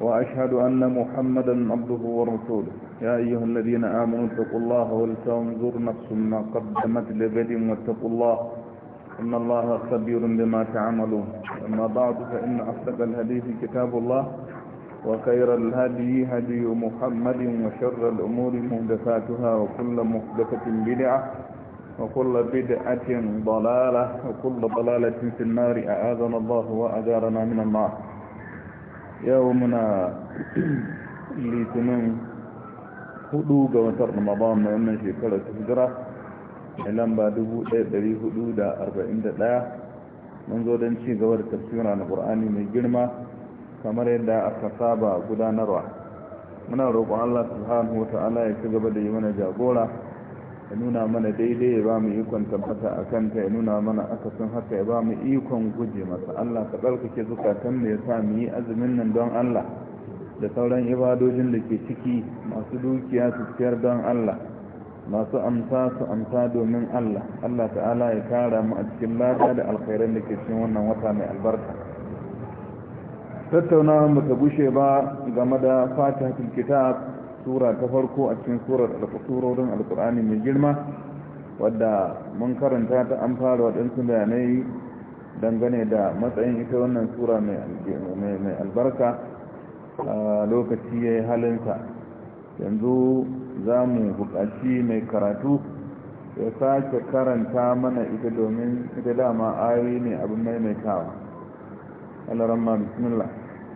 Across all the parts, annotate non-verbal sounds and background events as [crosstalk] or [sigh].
وأشهد أن محمدا عبده ورسوله يا أيها الذين آمنوا اتقوا الله ولتنظر نفس ما قدمت لغد واتقوا الله إن الله خبير بما تعملون أما بعد فإن أصدق الحديث كتاب الله وخير الهدي هدي محمد وشر الأمور مهدفاتها وكل مهدفة بدعة وكل بدعة ضلالة وكل ضلالة في النار أعاذنا الله وأجارنا من النار yau muna litinin hudu ga watan ramadan na wannan shekarar ta hijira mai lamba 1441 mun zo don ci gaba da tafsira na qur'ani mai girma kamar yadda aka saba gudanarwa muna roƙon allah subhanahu wa ta'ala ya ci gaba da yi mana jagora ya nuna mana daidai ya ba mu ikon tabbata a kanta ya nuna mana akasin haka ya ba mu ikon guje masa Allah ka tsarkake zukatan da ya sa mu yi azumin nan don Allah da sauran ibadojin da ke ciki masu dukiya su ciyar don Allah masu amsa su amsa domin Allah Allah ta'ala ya kara mu a cikin lada da alkhairan da ke cikin wannan wata mai albarka tattaunawa ba ta gushe ba game da fatihatul kitab sura ta farko a cikin surar alƙasurorin alkur'ani mai girma wadda mun karanta ta an fara waɗansu bayanai dangane da matsayin ita wannan sura mai albarka a lokaci ya yi halinta, yanzu za mu buƙaci mai karatu ya sake karanta mana ita domin ita dama ayi ne abin Allah alaramma bismillah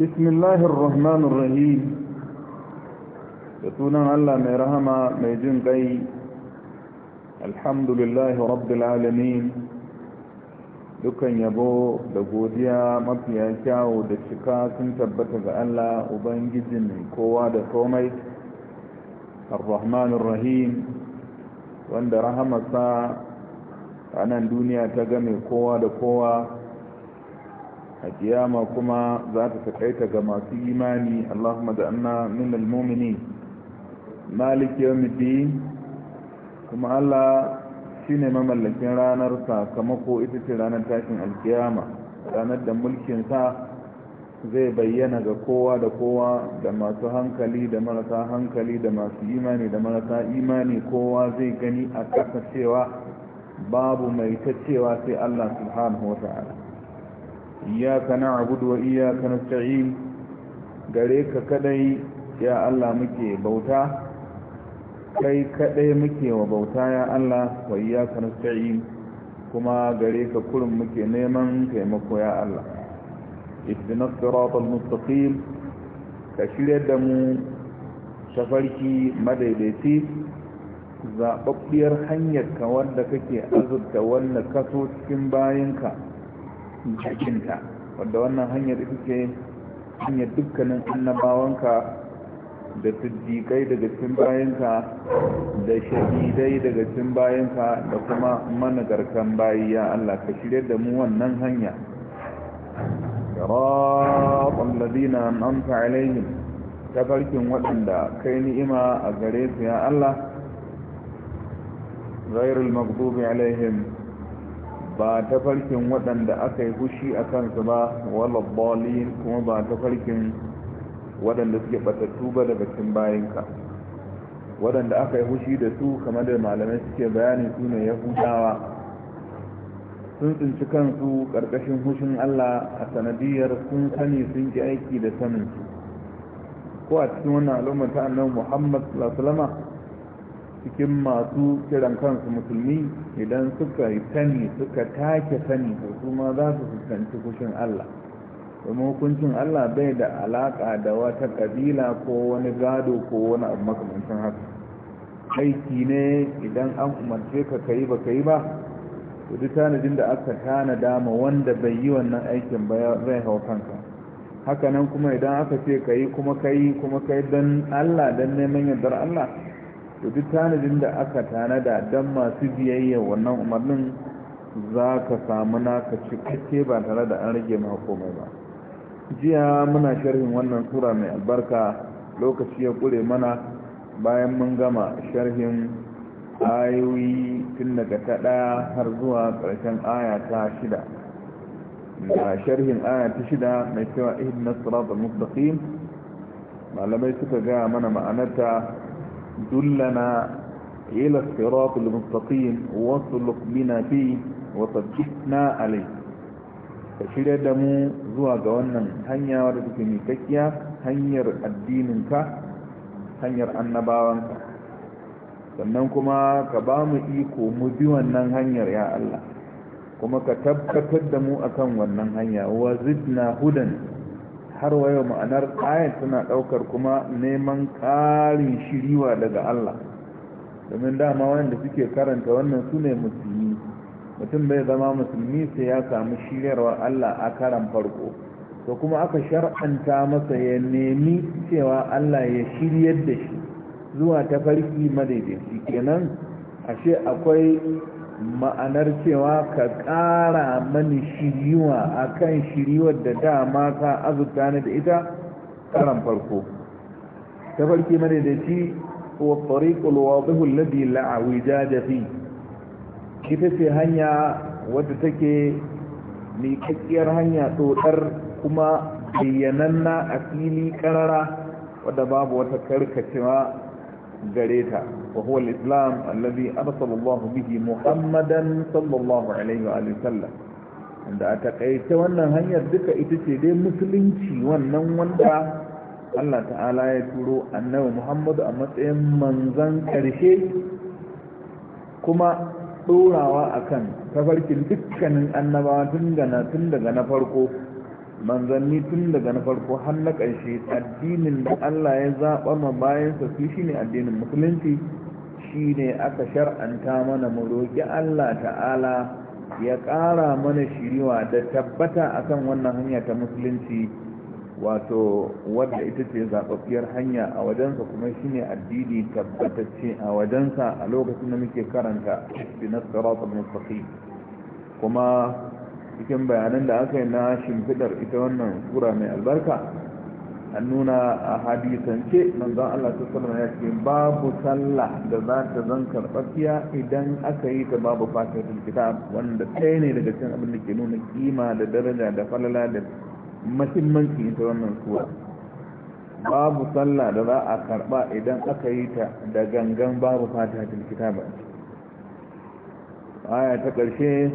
بسم الله الرحمن الرحيم يسونا الله من رحمة من جنقي الحمد لله رب العالمين dukan yabo da godiya mafiya kyawu da cika sun tabbata ga Allah Ubangijin kowa da komai ar-rahmanir rahim wanda rahamarsa a nan duniya ta game kowa da kowa a kiyama kuma za ta takaita ga masu imani allahumma da anna min al-mumini malik yawmiddin kuma allah shine mamallakin ranar sakamako ita ce ranar tashin alkiyama ranar da mulkin sa zai bayyana ga kowa da kowa da masu hankali da marasa hankali da masu imani da marasa imani kowa zai gani a ƙasa cewa babu mai ta cewa sai allah subhanahu wa ta'ala iyaka na abuduwa iyaka na sa'in gare ka kadai ya Allah muke bauta kai kadai muke wa bauta ya Allah wa iyaka na kuma gare ka kurin muke neman taimako ya Allah ibina siratul mustaqim ka shirya da mu tafarki madaidaiti zaɓaɓɓiyar hanyar ka wanda kake azurta wannan kaso cikin bayanka ka cikinta wadda wannan hanyar ita ce hanyar dukkanin annabawanka da tuddikai daga cikin bayanka da shahidai daga cikin bayanka da kuma managarkan bayi ya Allah ka shirya da mu wannan hanya siratan ladina alaihi ta farkin waɗanda kai ni'ima a gare su ya Allah ghairul maghdubi alaihim ba ta farkin waɗanda aka yi hushi a kansu ba wala balin kuma ba ta farkin waɗanda suke batattu ba daga cikin bayanka waɗanda aka yi hushi da su kamar da malamai suke bayani su ne yahudawa sun tsinci kansu ƙarƙashin hushin allah a sanadiyar sun sani sun ki aiki da saninsu ko a cikin wannan al'ummar ta annabi muhammad sallallahu alaihi cikin masu kiran kansu musulmi idan suka yi sani suka take sani to su ma za su fuskanci kushin Allah domin hukuncin Allah bai da alaka da wata kabila ko wani gado ko wani abu makamancin haka aiki ne idan an umarce ka kai ba kai ba to duk tanadin da aka tanada ma wanda bai yi wannan aikin ba zai hau kanka haka nan kuma idan aka ce kai kuma kai kuma kai don Allah don neman yardar Allah to duk tanadin da aka tanada don masu biyayya wannan umarnin za ka samu naka cikakke ba tare da an rage ma komai ba jiya muna sharhin wannan sura mai albarka lokaci ya kure mana bayan mun gama sharhin ayoyi tun daga ta ɗaya har zuwa ƙarshen aya ta shida da sharhin aya ta shida mai cewa ihdina siratal mustaqim malamai suka gaya mana ma'anarta دلنا إلى الصراط المستقيم وصلق بنا فيه وصدقنا عليه فشير دمو زوا جوانا هنيا وردك ميكيا هنير الدينك هنير النباوانك sannan kuma ka ba mu iko mu bi wannan hanyar ya Allah kuma ka tabbatar da mu akan wannan hanya wa zidna hudan har wayo ma'anar ayat tana daukar kuma neman ƙarin shiriwa daga Allah domin dama wanda suke karanta wannan su ne musulmi mutum bai zama musulmi sai ya samu shiryarwar Allah a karan farko to kuma aka shar'anta masa ya nemi cewa Allah ya shiryar da shi zuwa tafarki madaidaici kenan ashe akwai ma'anar cewa ka ƙara mani shiriwa a kan shiriwar da dama ka azurta ni da ita karan farko ta farki mani da shi wa tsariƙul wadihul ladhi ladi la'awi jajafi ita ce hanya wadda take miƙaƙƙiyar hanya tsotsar kuma bayyananna a fili ƙarara wadda babu wata karkacewa gareta ta wa huwa al-islam alladhi arsala Allah bihi Muhammadan sallallahu alaihi wa sallam inda a kaita wannan hanyar duka ita ce dai musulunci wannan wanda Allah ta'ala ya turo annabi Muhammadu a matsayin manzan karshe kuma dorawa akan tafarkin dukkanin annabawa tun daga na farko manzanni tun daga na farko har na ƙarshe addinin da Allah ya zaɓa ma bayansa su shi ne addinin musulunci shi aka shar'anta mana mu roƙi Allah ta'ala ya ƙara mana shiriwa da tabbata akan wannan hanya ta musulunci wato wadda ita ce zaɓaɓɓiyar hanya a wajensa kuma shi addini tabbatacce a wajensa a lokacin da muke karanta shi na kuma cikin bayanan da aka yi na shimfidar ita wannan sura mai albarka an nuna a hadisance zan Allah ta sallama ya ce babu sallah da za ta zan karɓafiya idan aka yi ta babu fatihatul kita wanda ɗaya ne daga cikin abin da ke nuna kima da daraja da falala da mahimmanci ita wannan sura babu sallah da za a karɓa idan aka yi ta da gangan babu kita ba aya ta ƙarshe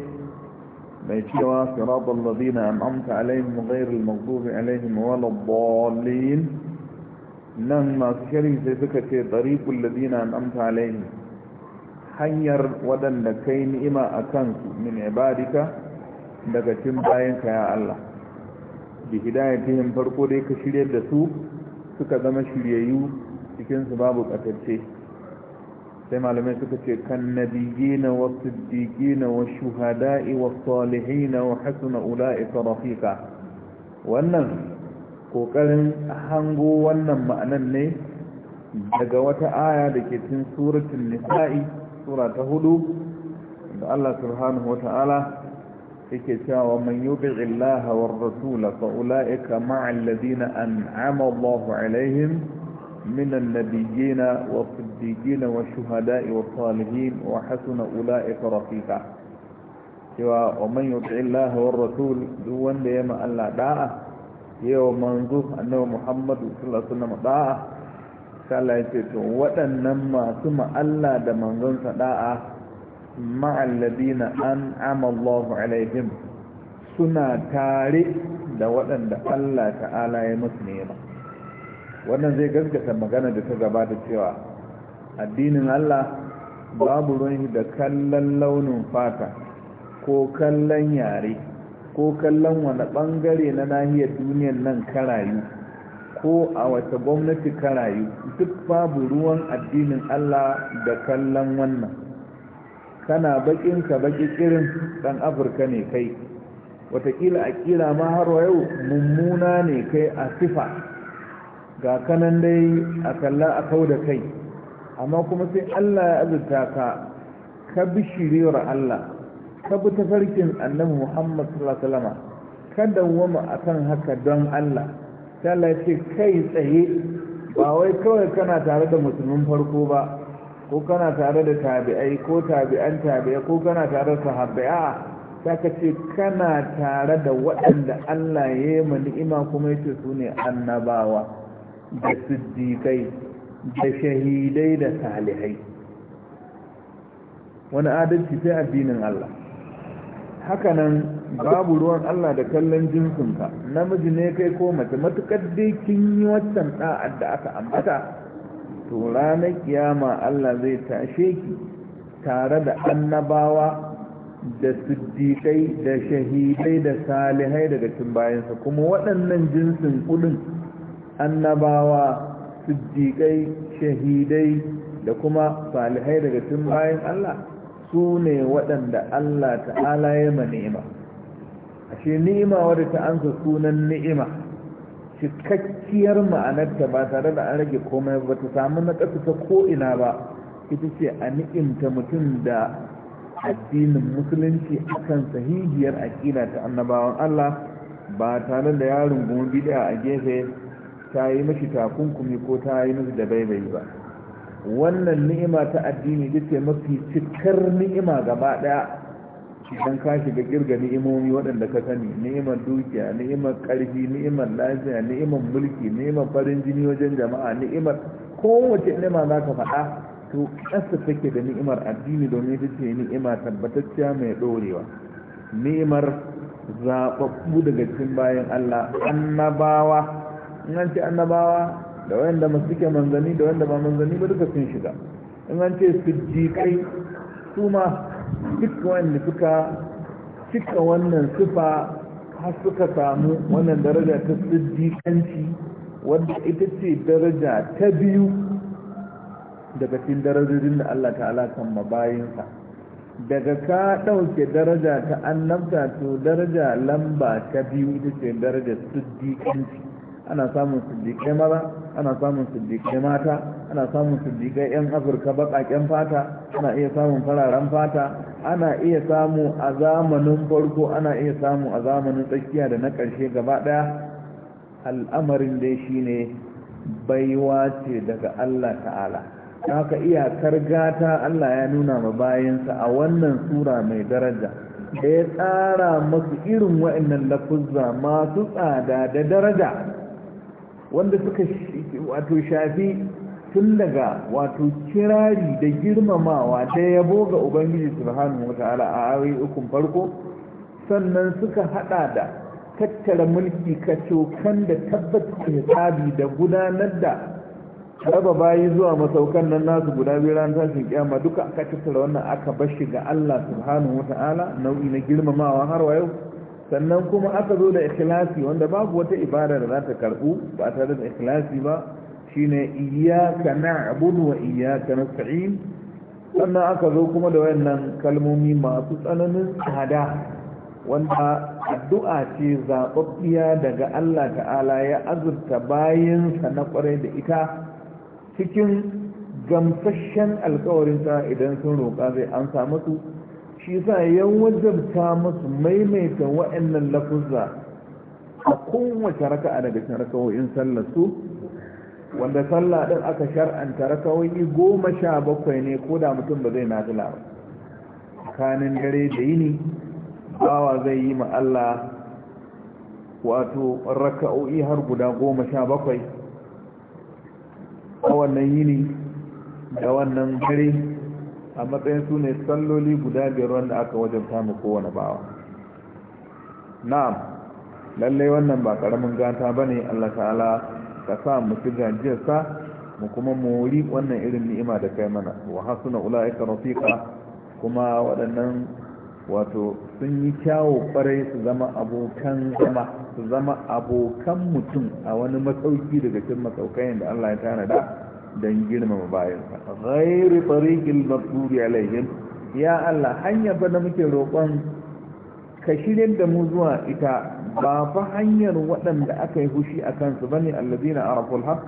mai cewa siratul ladina an'amta alaihim ghayril maghdubi alaihim waladdallin nan masu sharhi sai suka ce tariqul ladina an'amta alaihim hanyar waɗanda kai ni'ima a kan min ibadika daga cin bayanka ya Allah bi hidayatihim farko dai ka shiryar da su suka zama shiryayyu cikinsu babu ƙatacce sai malamai suka ce kan nabiyina wa siddiqina wa shuhada'i wa salihina wa hasuna ula'ika rafiqa wannan ƙoƙarin hango wannan ma'anan ne daga wata aya da ke cin suratun nisa'i sura ta hudu da Allah subhanahu wata'ala yake cewa man yuti'i Allah war rasula fa ula'ika ma'allazina an an'ama alaihim من النبيين والصديقين والشهداء والصالحين وحسن أولئك رفيقا cewa wa man yuti Allah wa rasul duk wanda ya ma Allah da'a yawa manzo annabi Muhammadu sallallahu alaihi wasallam da'a sai Allah masu ma Allah da manzon sa da'a ma'al suna tare da waɗanda Allah ta'ala ya musu ne ba wannan zai gaskata magana da ta gabata cewa addinin Allah babu ruwan da kallon launin fata ko kallon yare ko kallon wani bangare na nahiyar duniyar nan karayu ko a wata gwamnati karayu duk babu ruwan addinin Allah da kallon wannan kana bakin ka baki kirin ɗan afirka ne kai Wataƙila a kila ma har yau mummuna ne kai a sifa ga kanan dai a kalla a kau da kai amma kuma sai allah ya azurta ka ka bi shiriyar allah ka bi tafarkin annabi muhammad sallallahu alaihi ka dawwama akan haka don allah ta lafi kai tsaye ba wai kawai kana tare da musulmin farko ba ko kana tare da tabi'ai ko tabi'an tabi'a ko kana tare da sahabbai ta ka ce kana tare da waɗanda Allah ya yi ni'ima kuma ya ce su ne annabawa da siddiƙai da shahidai da salihai wani adalci sai addinin Allah Haka nan, babu ruwan Allah da kallon ka. namiji ne kai ko mace matukar dai kin yi waccan ɗa'ad da aka ambata to ranar kiyama Allah zai tashe ki tare da annabawa da siddiƙai da shahidai da salihai daga cikin bayansa kuma waɗannan jinsin kudin annabawa siddiƙai shahidai da kuma salihai daga cikin bayan Allah su ne waɗanda Allah ta'ala ya ma ni'ima ashe ni'ima wadda ta ansa sunan ni'ima cikakkiyar ma'anarta ba tare da an rage komai ba ta samu na ƙasa ta ko'ina ba ita ce a ni'imta mutum da addinin musulunci akan sahihiyar aƙida ta annabawan Allah ba tare da yarin gumbi a gefe ta yi mashi takunkumi ko ta yi mashi da baibayi ba wannan ni'ima ta addini ita mafi cikar ni'ima gaba daya idan ka shiga kirga ni'imomi waɗanda ka sani ni'imar dukiya ni'imar ƙarfi ni'imar lafiya ni'imar mulki ni'imar farin jini wajen jama'a ni'imar kowace ni'ima za ka faɗa to ƙasa take da ni'imar addini domin ita ce ni'ima tabbatacciya mai ɗorewa ni'imar zaɓaɓɓu daga cikin bayan allah annabawa in an ce annabawa da wanda masu suke manzanni da wanda ba manzanni ba duka sun shiga in an ce jiƙai su ma duk wanda suka cika wannan sifa har suka samu wannan daraja ta siddiƙanci wadda ita ce daraja ta biyu daga cikin darajojin da Allah ta'ala kan mabayinsa daga ka ɗauke daraja ta annabta to daraja lamba ta biyu ita ce daraja siddiƙanci ana samun siddiƙai maza ana samun siddiƙai mata ana samun siddiƙai 'yan afirka baƙaƙen fata ana iya samun fararen fata ana iya samu a zamanin farko ana iya samu a zamanin tsakiya da na ƙarshe gaba ɗaya al'amarin dai shi ne baiwa ce daga allah ta'ala haka iyakar gata allah ya nuna ma bayansa a wannan sura mai daraja da ya tsara masu irin wa'annan lafuzza masu tsada da daraja wanda suka wato shafi tun daga wato kirari da girmamawa da yabo ga ubangiji subhanahu wataala a ayoyi ukun farko sannan suka hada da tattara mulki kacokan da tabbata hisabi da gudanar da raba bayi zuwa masaukan nan nasu guda biyu ran tashin kiyama duka aka tattara wannan aka bashi ga Allah subhanahu wataala nau'i na girmamawa har wa yau sannan kuma aka zo da ikhlasi wanda babu wata ibada da za ta karbu ba tare da ikhlasi ba shine iyyaka na'budu wa iyyaka nasta'in sannan aka zo kuma da wayannan kalmomi masu tsananin tsada wanda addu'a ce zaɓaɓɓiya daga Allah ta'ala ya azurta bayansa na kwarai da ita cikin gamsashen alkawarinsa idan sun roƙa zai an samu shi yasa ya wajabta masu maimaita wa'annan lafuzza a kowace raka'a daga cikin rakawoyin sallar su wanda sallah din aka shar'anta raka'o'i goma sha bakwai ne ko da mutum ba zai nazila ba Kanin dare da yini bawa zai yi ma Allah wato raka'o'i har guda goma sha bakwai a wannan yini da wannan dare a matsayin su ne salloli guda biyar wanda aka wajen samu kowane bawa na'am lallai wannan ba karamin gata ba ne allah ta'ala ka sa mu ci gajiyarsa mu kuma mori wannan irin ni'ima da kai mana wa hasuna ula'ika rafiqa kuma waɗannan wato sun yi kyawo kwarai su zama abokan zama su zama abokan mutum a wani matsauki daga cikin matsaukayen da allah ya tanada don girmama bayansa ghairi tariqil maghdubi alaihim ya Allah hanya fa da muke roƙon ka shirin da mu zuwa ita ba fa hanyar waɗanda aka yi hushi a kansu bane arakul araful haqq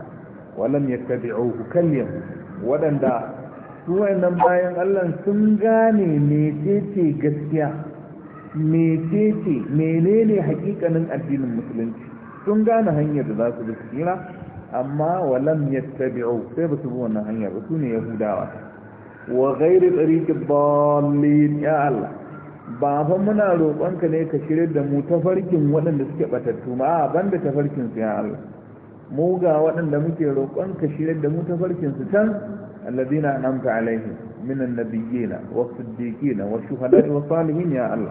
wa lam yattabi'uhu kallam waɗanda su nan bayan Allah sun gane mecece gaskiya mecece menene hakikanin addinin musulunci sun gane hanyar da za su bi tsira amma walam yattabi'u sai ba su bi wannan hanya ba su ne yahudawa wa ghairi tariqid dallin ya Allah ba fa muna roƙonka ne ka shirye da mu tafarkin waɗanda suke batattu ma a banda farkin su ya Allah mu ga waɗanda muke roƙonka shirye da mu ta farkin su can alladhina an'amta alaihim min annabiyina wa siddiqina wa shuhada'i wa salihin ya Allah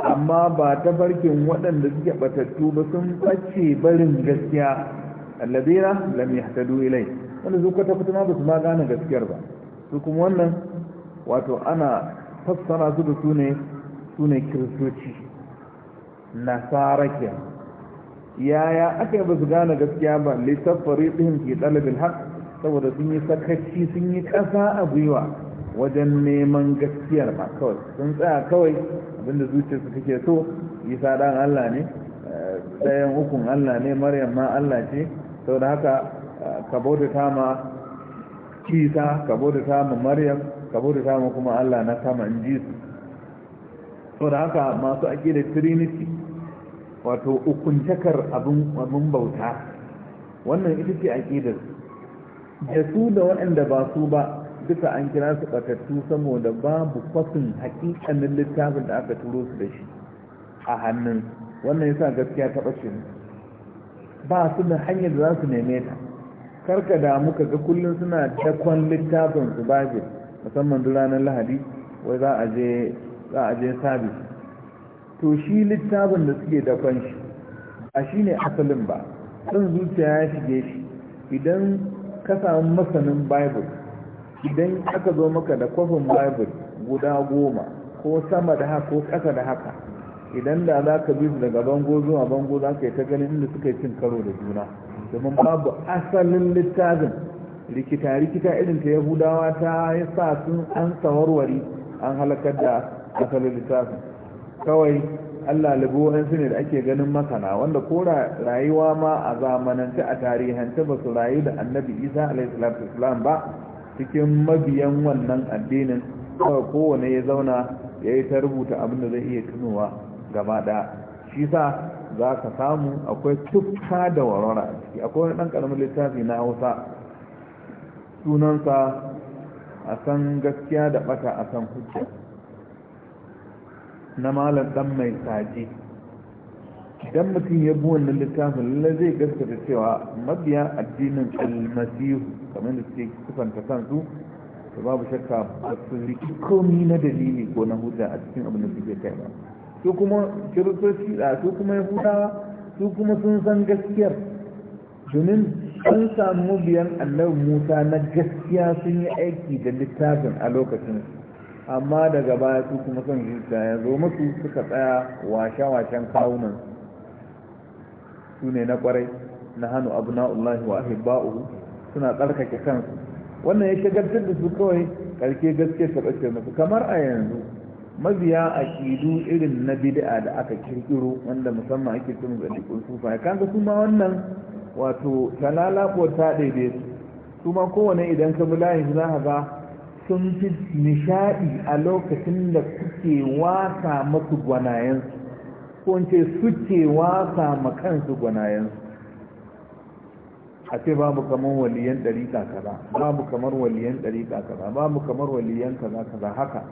amma ba tafarkin waɗanda suke batattu ba sun ɓace barin gaskiya alladina lam yahtadu ilai wanda su kwata kwata ma ba su ma gane gaskiyar ba su kuma wannan wato ana fassara su da su ne kiristoci nasarake yaya aka yi ba su gane gaskiya ba littafari ɗin ke ɗalibin haƙ saboda sun yi sakaci sun yi ƙasa a gwiwa wajen neman gaskiyar ba kawai sun tsaya kawai abinda zuciyarsu take so isa ɗan allah ne eh, ɗayan ukun allah ne maryam ma allah ce sau da haka eh, ka bautata ma kisa ka bautata ma maryam ka bautata ma kuma allah na sama in ji su sau da haka masu da trinity wato ukuncakar abin bauta wannan ita ce ake da su da waɗanda ba su ba duka an kira su ɓatattu saboda babu kwasin haƙiƙanin littafin da aka turo su da shi a hannun wannan yasa gaskiya ta ɓace ne ba su da hanyar za su neme ta karka da muka ga kullum suna dakon littafin su baje musamman duk ranar lahadi wai za a je za a je sabis to shi littafin da suke dakon shi a shi ne asalin ba sun zuciya ya shige shi idan ka samu masanin bible idan aka zo maka da kwafin bible guda goma ko sama da haka ko ƙasa da haka idan da za ka bi su daga bango zuwa bango za ka yi ta ganin inda suka yi cin karo da juna domin babu asalin littafin rikita-rikita irin ta yahudawa ta ya sa sun an sawarwari an halakar da asalin littafin kawai allah su ne da ake ganin masana wanda ko rayuwa ma a zamanance a tarihance ba su rayu da annabi isa alaihissalam ba cikin mabiyan wannan addinin kawai kowane ya zauna ya yi ta rubuta abin da zai iya tunowa gaba ɗaya shi sa za ka samu akwai tukka da warwara a ciki akwai wani ɗan ƙaramin littafi na hausa sunansa a san gaskiya da ɓata a san hujja na malam ɗan mai saji idan mutum ya bi wannan littafin lallai zai gaskata cewa mabiya addinin almasihu kamar da suke kusanta kansu to babu shakka ba su komi na dalili ko na hujja a cikin abin da suke kai ba su kuma kiristoci da su kuma yahudawa su kuma sun san gaskiyar domin sun samu biyan annabi musa na gaskiya sun yi aiki da littafin a lokacin amma daga baya su kuma son zuciya ya zo masu suka tsaya washe-washen kawunan su ne na kwarai na hannu abu na'ullahi wa ahibba'uhu suna tsarkake kansu wannan ya shagartar da su kawai karke gaske ta ɓace masu kamar a yanzu mabiya kidu irin na bid'a da aka kirkiro wanda musamman ake cin zalikun sufa su ma wannan wato talala ko ta daidai su kuma kowane idan ka bi layin za ka ga sun fi nishaɗi a lokacin da suke wasa masu gwanayensu ko in ce suke wasa ma kansu gwanayensu a ce babu kamar waliyan ɗari kaza babu kamar waliyan ɗari kaza babu kamar waliyan kaza kaza haka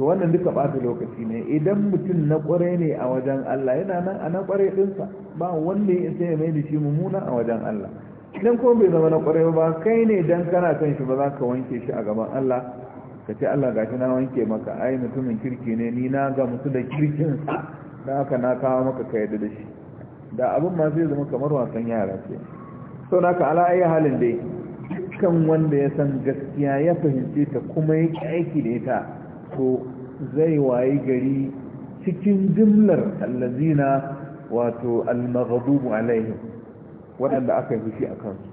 to wannan duka ba lokaci ne idan mutum na kware ne a wajen Allah yana nan a na kware dinsa ba wanda ya isa mai da shi mummuna a wajen Allah idan kuma bai zama na kware ba kai ne dan kana son shi ba za ka wanke shi a gaban Allah ka ce Allah gashi na wanke maka ai mutumin kirki ne ni na ga mutu da kirkin sa dan haka na kawo maka ka yadda da shi da abin ma zai zama kamar wasan yara ce so naka ala ayi halin dai dukkan wanda ya san gaskiya ya fahimce ta kuma ya aiki da ita wato zai wayi gari cikin jimlar allazina wato almaghdubu alaihim waɗanda aka yi fushi a kansu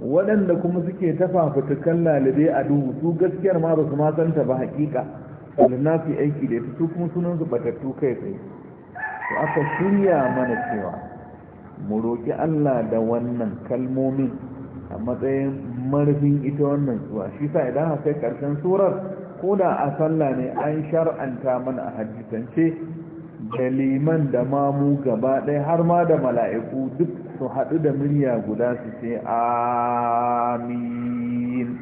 waɗanda kuma suke tafa fitukan a duhu su gaskiyar ma ba su ma santa ba hakika na su aiki da su kuma sunan su batattu kai tsaye to aka shirya mana cewa mu roƙi Allah da wannan kalmomin a matsayin marfin ita wannan suwa shi sa idan kai karshen surar ko a sallah ne an shar'anta mana a hadisance da liman da mamu gaba ɗaya har ma da mala'iku duk su haɗu da murya guda su ce amin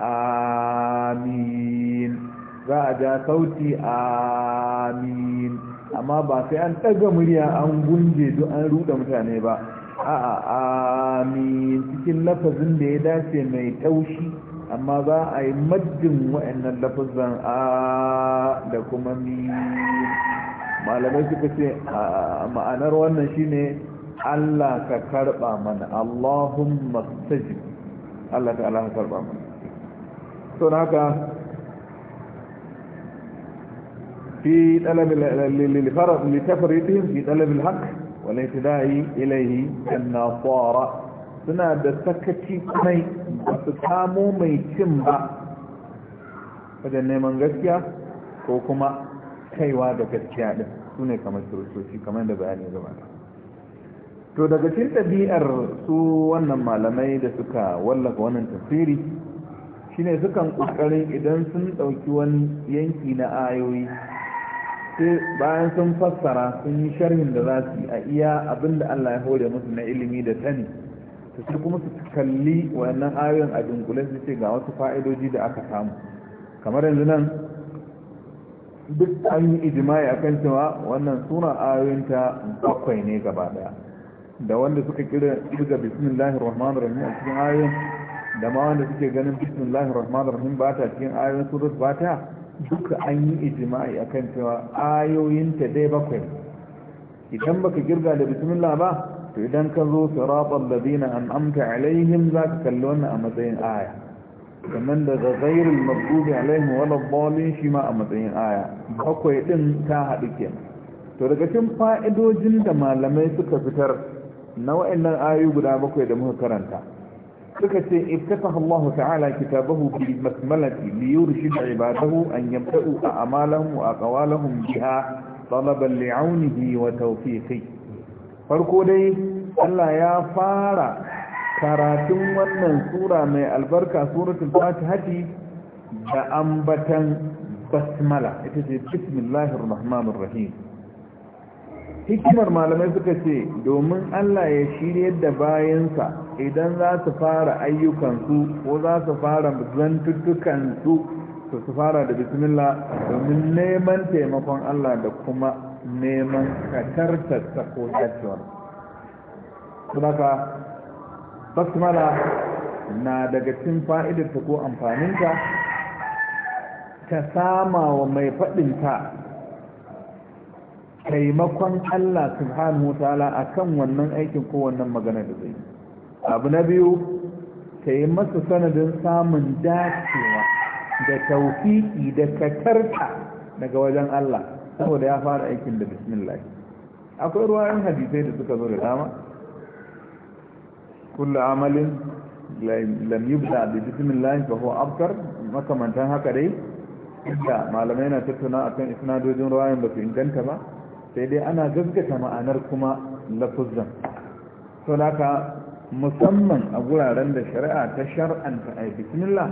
amin za a ja sauti amin amma ba sai an ɗaga murya an gunje duk an ruɗa mutane ba a'a amin cikin lafazin da ya dace mai taushi amma za a yi maddin wa'annan lafazan a da kuma mi malamai suka ce ma'anar wannan shine Allah ka karba mana Allahumma stajib Allah ta Allah ka karba mana to haka في wani لتفريطهم في طلب الحق والاهتداء na fara. suna da sakaci mai ba su kamo mai cin ba wajen neman gaskiya ko kuma kaiwa da gaskiya ɗin su ne kamar kiristoci kamar da bayani gabata to daga cikin ɗabi'ar su wannan malamai da suka wallafa wannan tafsiri shine sukan ƙoƙarin idan sun ɗauki wani yanki na ayoyi sai bayan sun fassara sun yi sharhin da za su yi a iya abin da allah ya hore musu na ilimi da sani su sai kuma su kalli wannan ayoyin a dunkule su ce ga wasu fa'idoji da aka samu kamar yanzu nan duk an yi ijimai akan cewa wannan suna ayoyinta bakwai ne gaba daya da wanda suka kira kirga bismillahir rahmanir rahim a cikin ayoyin da ma wanda suke ganin bismillahir rahmanir rahim ba ta cikin ayoyin surat ba ta duka an yi ijimai akan cewa ayoyinta dai bakwai idan baka girga da bismillah ba to idan ka zo siratal ladina an'amta alaihim zaka kalli wannan a matsayin aya sannan da ghairul maghdubi alaihim wala dhalin shi ma a matsayin aya bakwai din ta haɗu kenan to daga cikin fa'idojin da malamai suka fitar na wa'annan ayoyi guda bakwai da muka karanta suka ce iftataha Allah ta'ala kitabahu bil masmalati li yurshid ibadahu an yabta'u a'malahum wa aqwalahum biha talaban li'aunihi wa tawfiqihi farko dai Allah ya fara karatun wannan sura mai albarka suratul Haki da ambatan basmala ita ce bismillahir rahmanir rahim hikimar malamai suka ce domin Allah ya shirye da bayansa idan za su fara ayyukansu ko za su fara zantuttukansu to su fara da bismillah domin neman taimakon Allah da kuma neman katartarsa ko tattuwar sunaka basmala na daga cin ta ko amfaninta ta sama wa mai faɗinta taimakon Allah subhanahu wa ta'ala a wannan aikin ko wannan magana da zai abu na biyu ta yi masa sanadin samun dacewa da taufiki da katarta daga wajen Allah saboda ya fara aikin da bismillah akwai ruwayen hadisai da suka zo da dama kullu amalin lam yubda bi bismillah fa huwa abkar makamantan haka dai inda malamai na tattauna akan isnadojin ruwayan ba su inganta ba sai dai ana gaskata ma'anar kuma lafuzzan to haka musamman a guraren da shari'a ta shar'anta ai bismillah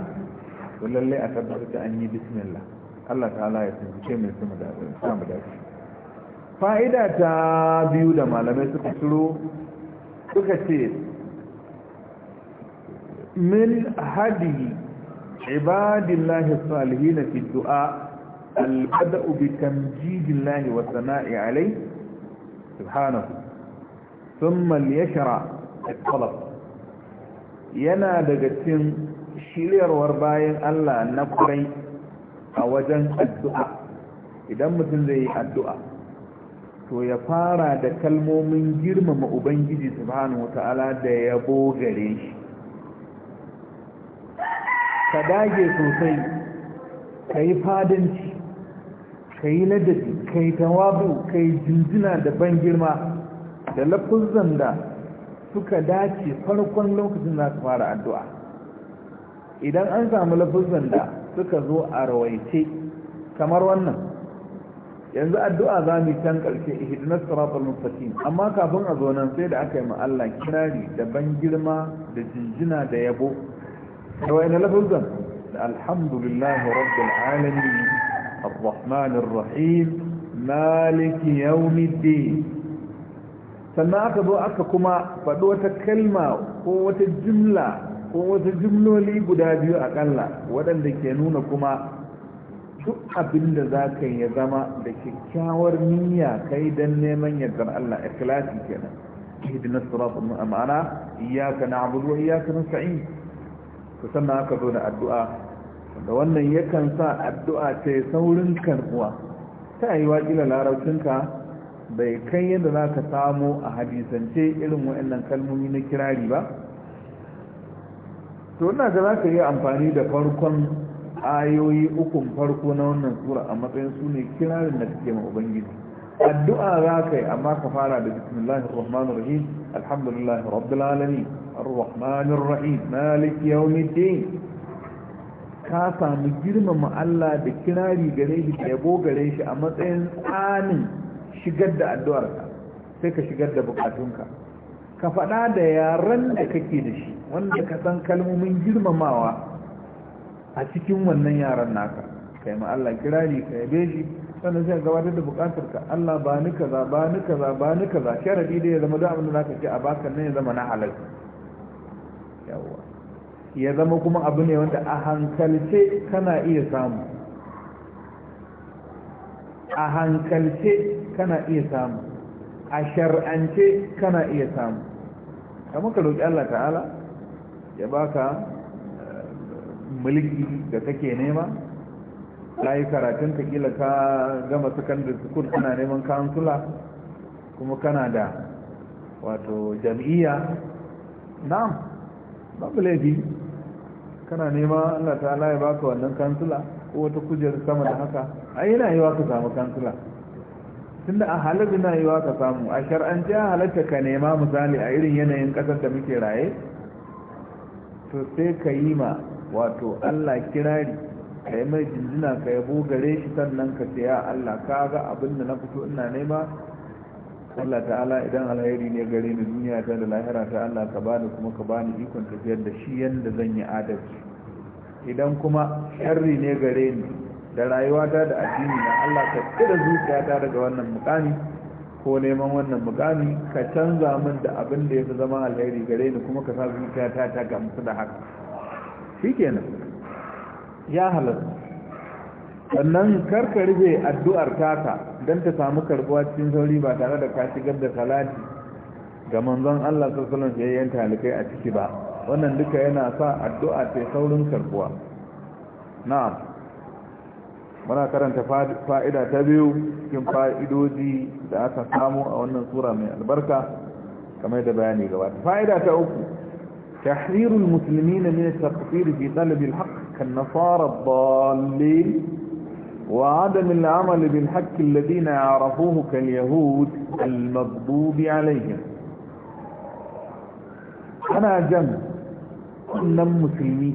to lalle a tabbata an yi bismillah Allah ta'ala ya tsince mai samu dace fa'ida ta biyu da malamai suka turo suka ce min hadi ibadillahi na fi du'a البدء بتمجيد الله والثناء عليه سبحانه ثم ليشرع yana daga cikin shiryarwar bayan Allah na kurai a wajen addu'a idan mutum zai yi addu'a to ya fara da kalmomin girmama ubangiji subhanahu wata'ala da yabo gare shi ka dage sosai ka yi fadanci ka yi ladabi ka yi tawabu ka yi jinjina da ban girma da lafuzan da suka dace farkon lokacin za ka fara addu'a idan an samu lafuzan da suka zo a rawaice kamar wannan yanzu addu'a za mu can ƙarshe ihdinas siratal mustaqim amma kafin a zo nan sai da aka yi ma Allah kirari da ban girma da jinjina da yabo da wayna da alhamdulillahi rabbil alamin arrahmanir rahim maliki yawmiddin sannan aka zo aka kuma faɗo wata kalma ko wata jumla ko wasu jimloli guda biyu akalla waɗanda ke nuna kuma duk abin da za ka ya zama da kyakkyawar niyya kai don neman yardar Allah ikhlasi kenan ihdina siratal ma'ana iyyaka na'budu wa iyyaka nasta'in to sannan aka zo da addu'a da wannan yakan sa addu'a ce saurin karbuwa ta yi wakila larabcinka bai kai yadda za ka samu a hadisance irin wa'annan kalmomi na kirari ba to na ga za ka yi amfani da farkon ayoyi ukun farko na wannan sura a matsayin su ne kirarin da kake ma ubangiji addu'a za ka yi amma ka fara da bismillahir rahmanir rahim alhamdulillahi rabbil alamin arrahmanir rahim malik yawmiddin ka samu girmama Allah da kirari gare shi da yabo gare shi a matsayin tsanin shigar da addu'arka sai ka shigar da bukatunka ka faɗa da yaran da kake da shi wanda ka san kalmomin girmamawa a cikin wannan yaran naka kai ma Allah kirari ka yabe shi sannan sai gabatar da bukatar ka Allah ba ni kaza ba ni kaza ba ni kaza sharadi da ya zama duk abin da zaka ce a baka nan ya zama na halal yawa ya zama kuma abu ne wanda a hankalce kana iya samu a hankalce kana iya samu a shar'ance kana iya samu kamar ka roƙi Allah ta'ala ya baka eh, mulki da kake nema ka yi karatun ka kila ka gama secondary school kana neman kansula kuma kana da wato jam'iyya na'am babu laifi kana nema Allah ta'ala ya baka wannan kansula ko wata kujerar sama da haka ai yana yi wa ka samu kansula tunda a halar na yi ka samu a shar'anci a halatta ka nema misali a irin yanayin kasar da muke raye to sai ka yi ma wato allah kirari ka yi mai jinjina ka yabo gare shi sannan ka ce ya allah ka ga abin da na fito ina nema allah ta'ala idan alheri ne gare ni duniya ta da lahira ta allah ka bani kuma ka bani ikon tafiyar da shi yadda zan yi adalci idan kuma sharri ne gare ni da rayuwata da addini na Allah ka tsira zuciyata daga wannan mukami ko neman wannan mukami ka canza min da abin da ya fi zama alheri gare ni kuma ka sa zuciyata ta gamsu da haka shikenan ya halatta sannan karka rufe addu'ar taka don ta samu karbuwa cikin sauri ba tare da ka shigar da salati ga manzon Allah sassalon fiyayyen talikai a ciki ba wannan duka yana sa addu'a ta saurin karbuwa na'am muna karanta fa'ida ta biyu cikin fa'idoji da aka samu a wannan sura mai albarka kamar da bayani gaba fa'ida ta uku tahrirul muslimina min at-taqfir fi talab al-haqq kan nasara ad-dallin wa adam al-amal bil haqq alladhina ya'rafuhu kal yahud al-maghdub alayhim ana jam kunnan musulmi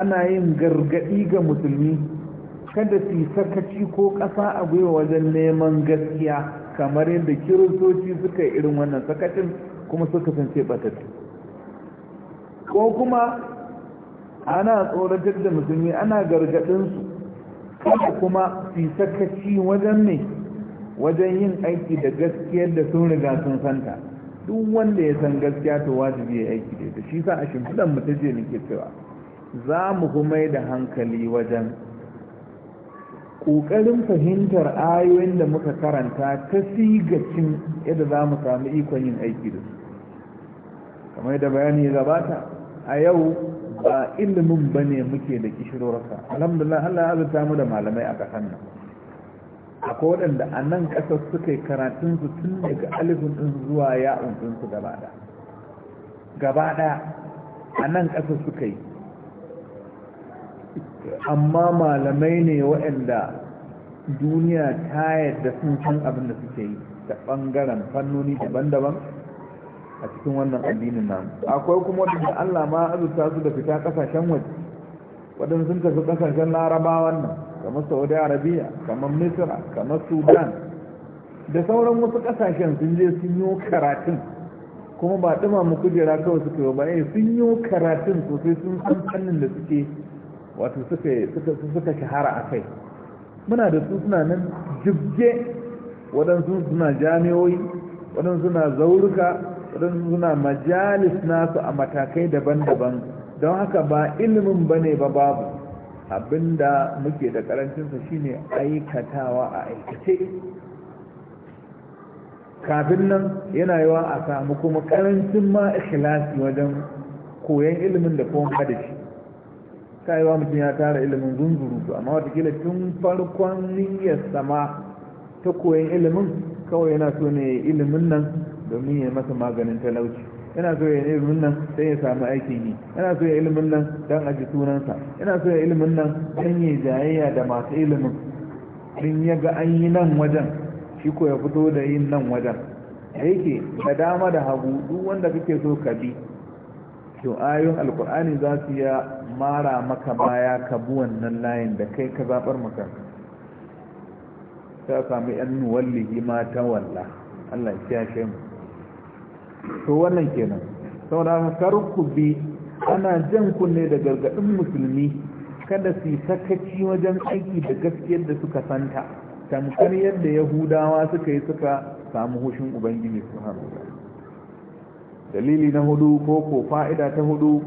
ana yin gargadi ga musulmi kada su sakaci ko ƙasa a gwiwa wajen neman gaskiya kamar yadda kiristoci suka yi irin wannan sakacin kuma suka kasance batattu ko kuma ana tsoratar da musulmi ana gargaɗinsu kada kuma su yi sakaci wajen ne wajen yin aiki da gaskiyar da sun riga sun santa duk wanda ya san gaskiya to wajibi ya aiki da ita shi sa a shimfiɗan mu ne ke cewa za mu kuma da hankali wajen ƙoƙarin fahimtar ayoyin da muka karanta ta sigacin yadda za mu sami ikon yin aiki da su kamar da bayani gabata a yau ba ilimin ba ne muke da kishirorka alhamdulillah allah azurta mu da malamai a ƙasar nan akwai waɗanda a nan ƙasar suka yi karatunsu tun daga alifin ɗin zuwa ya'un ɗinsu gaba ɗaya a nan ƙasar suka yi amma malamai ne waɗanda duniya ta yadda sun san abin da suke yi da ɓangaren fannoni daban-daban a cikin wannan addinin namu akwai kuma wadanda allah ma azurta su da fita ƙasashen waje waɗanda sun tafi ƙasashen larabawan nan kamar saudi arabiya kamar misira kamar sudan da sauran wasu ƙasashen sun je sun yi karatun kuma ba ɗuma mu kujera kawai suke ba eh, sun yi karatun sosai sun san fannin da suke wato suka shahara a kai muna da su suna nan jibge waɗansu suna jami'oi waɗansu suna zauruka waɗansu suna majalis nasu a matakai daban-daban don haka ba ilimin ba ne ba babu abinda muke da karancinsa shine aikatawa a aikace kafin nan yana yawa a samu kuma karancin ma ikhlasi wajen koyan ilimin da kuma shi. kaiwa mutum ya tara ilimin zunzuru amma watakila tun farkon niyyar sama ta koyan ilimin kawai yana so ne ilimin nan domin ya masa maganin talauci yana so ya ilimin nan don ya samu aikin yi yana so ya ilimin nan don aji sunansa yana so ya ilimin nan don ya jayayya da masu ilimin in ya ga an yi nan wajen shi ko ya fito da yin nan wajen da yake da dama da hagu duk wanda kake so ka bi to ayoyin alkur'ani za su ya mara maka baya ka bi wannan layin da kai ka zaɓar maka ta sami yan wallihi ma ta walla allah ya shi mu to wannan kenan saboda kar bi ana jan kunne da gargaɗin musulmi kada su yi sakaci wajen aiki da gaskiyar da suka santa tamkar yadda yahudawa suka yi suka samu hushin ubangiji su hannu dalili na hudu ko ko fa'ida ta hudu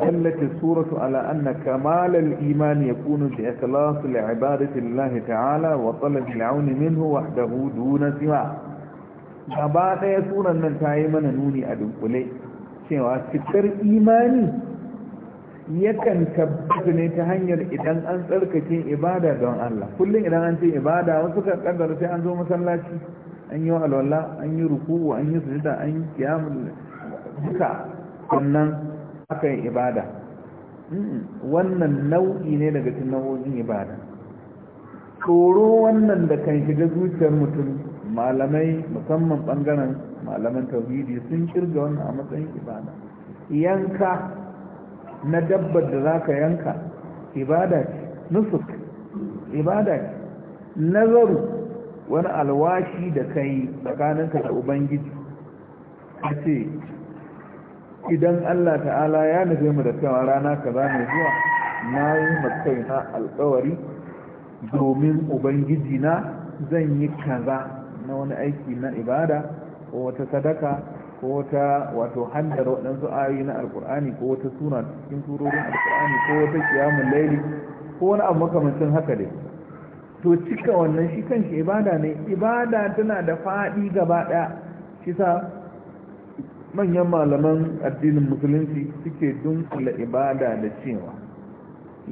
dallace suratu ala anna kamalal imani ya bi da ibadati lillah ta'ala wa talabi al'auni minhu wahdahu duna siwa gaba ɗaya suran nan ta yi mana nuni a dunkule cewa cikar imani yakan tabbata ne ta hanyar idan an tsarkake ibada don Allah kullum idan an ce ibada wasu kan kaddara sai an zo masallaci an yi alwala an yi ruku'u an yi sujada an yi duka sannan aka yi ibada hmm, wannan nau'i ne daga cikin nau'o'in ibada tsoro wannan da kan shiga zuciyar mutum malamai musamman bangaren malaman tauhidi sun kirga wannan a matsayin ibada yanka na dabbar da za ka yanka ibada ce nusuk ibada ce nazaru wani alwashi da kai tsakaninka da ubangiji a ce idan Allah ta'ala ya nufi mu da cewa rana kaza mai zuwa na yi na alkawari domin ubangiji na zan yi kaza na wani aiki na ibada ko wata sadaka ko wata wato handar waɗansu ayoyi na alkur'ani ko wata suna cikin turorin alkur'ani ko wata kiyamun laili ko wani abu makamancin haka dai to cika wannan shi kanshi ibada ne ibada tana da faɗi gaba ɗaya shi manyan malaman addinin musulunci suke dunkula ibada da cewa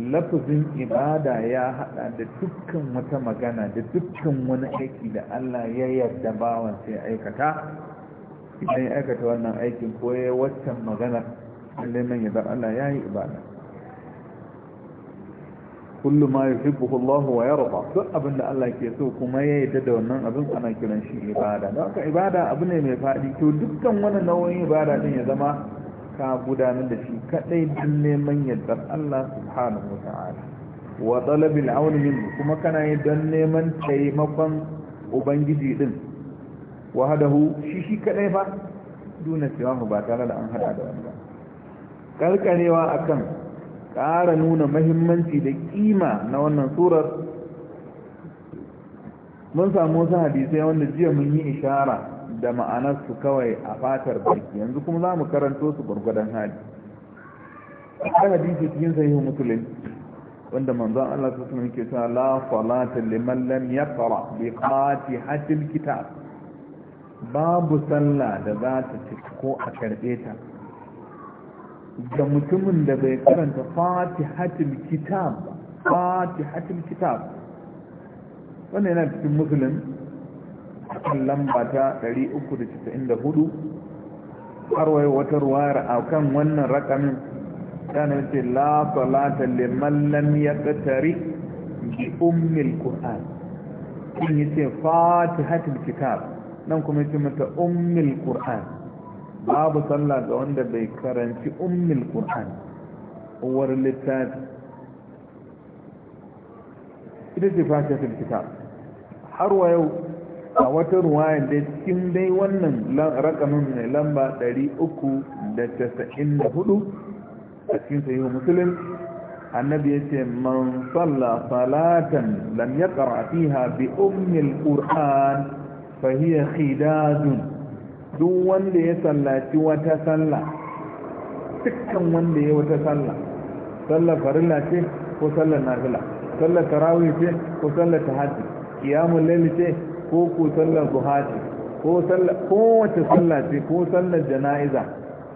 lafazin ibada ya hada da dukkan wata magana da dukkan wani aiki da Allah ya yarda bawan sai aikata idan ya aikata wannan aikin ko ya waccan magana lallai man yadda Allah ya yi ibada kullu ma yuhibbuhu Allah wa yarda duk abin da Allah ke so kuma ya yarda da wannan abin ana kiran shi ibada don ibada abu ne mai faɗi to dukkan wani nauyin ibada din ya zama ka gudanar da shi kadai don neman yardar Allah subhanahu wa ta'ala wa talabil auni min kuma kana yi don neman taimakon ubangiji din wahadahu shi shi kadai fa duna cewa ba tare da an hada da wani ba kalkarewa akan ƙara nuna mahimmanci da ƙima na wannan surar mun samu wasu hadisai wanda jiya mun yi ishara da ma'anarsu kawai a fatar baki yanzu kuma za mu karanto su gwargwadon hali akwai hadisi cikin sahihu musulun wanda manzan Allah su suna ke cewa la salata liman lam yaqra bi fatihatil kitab babu sallah da za ta ci ko a karbe ta ga mutumin da bai karanta fatihatul kitab fatihatul kitab wannan yana cikin musulun kan lamba ta 394 har wata ruwayar a kan wannan rakamin tana ce la salata liman lam yaqtari bi ummil qur'an in yace fatihatul kitab nan kuma yace mata ummil qur'an babu sallah ga wanda bai karanci ummul qur'an uwar littafi ita ce fatihatul kitab har wa yau a wata ruwaya da cikin dai wannan rakamin mai lamba 394 a cikin sahihu muslim annabi ya ce man salla salatan lam yaqra fiha bi ummil qur'an fa hiya duk wanda ya sallaci wata sallah dukkan wanda ya wata sallah sallar farilla ce ko sallar nafila sallar tarawih ce ko sallar tahajji qiyamul layl ce ko ko sallar duha ce ko sallar wata sallah ce ko sallar jana'iza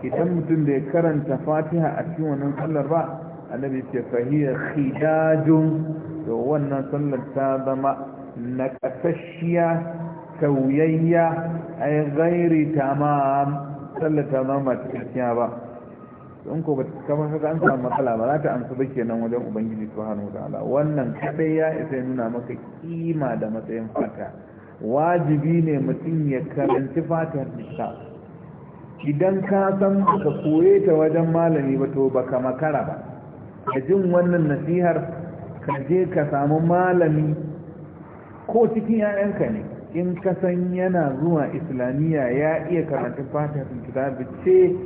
idan mutum da ya karanta fatiha a cikin wannan sallar ba annabi ce fahiyar khidajun to wannan sallar ta zama na kasashiya sauyayya ay gairi tamam sallar tamam ba cikakkiya ba in ko ba haka an samu matsala ba za ta amsa ba kenan wajen ubangiji subhanahu ta'ala wannan kadai ya isa nuna maka kima da matsayin fata wajibi ne mutum ya karanci fata nisa idan ka san ka koye ta wajen malami ba to baka makara ba ka jin wannan nasihar ka je ka samu malami ko cikin 'ya'yanka ne in ka yana zuwa islamiyya ya iya karatun fatihatul kitab ce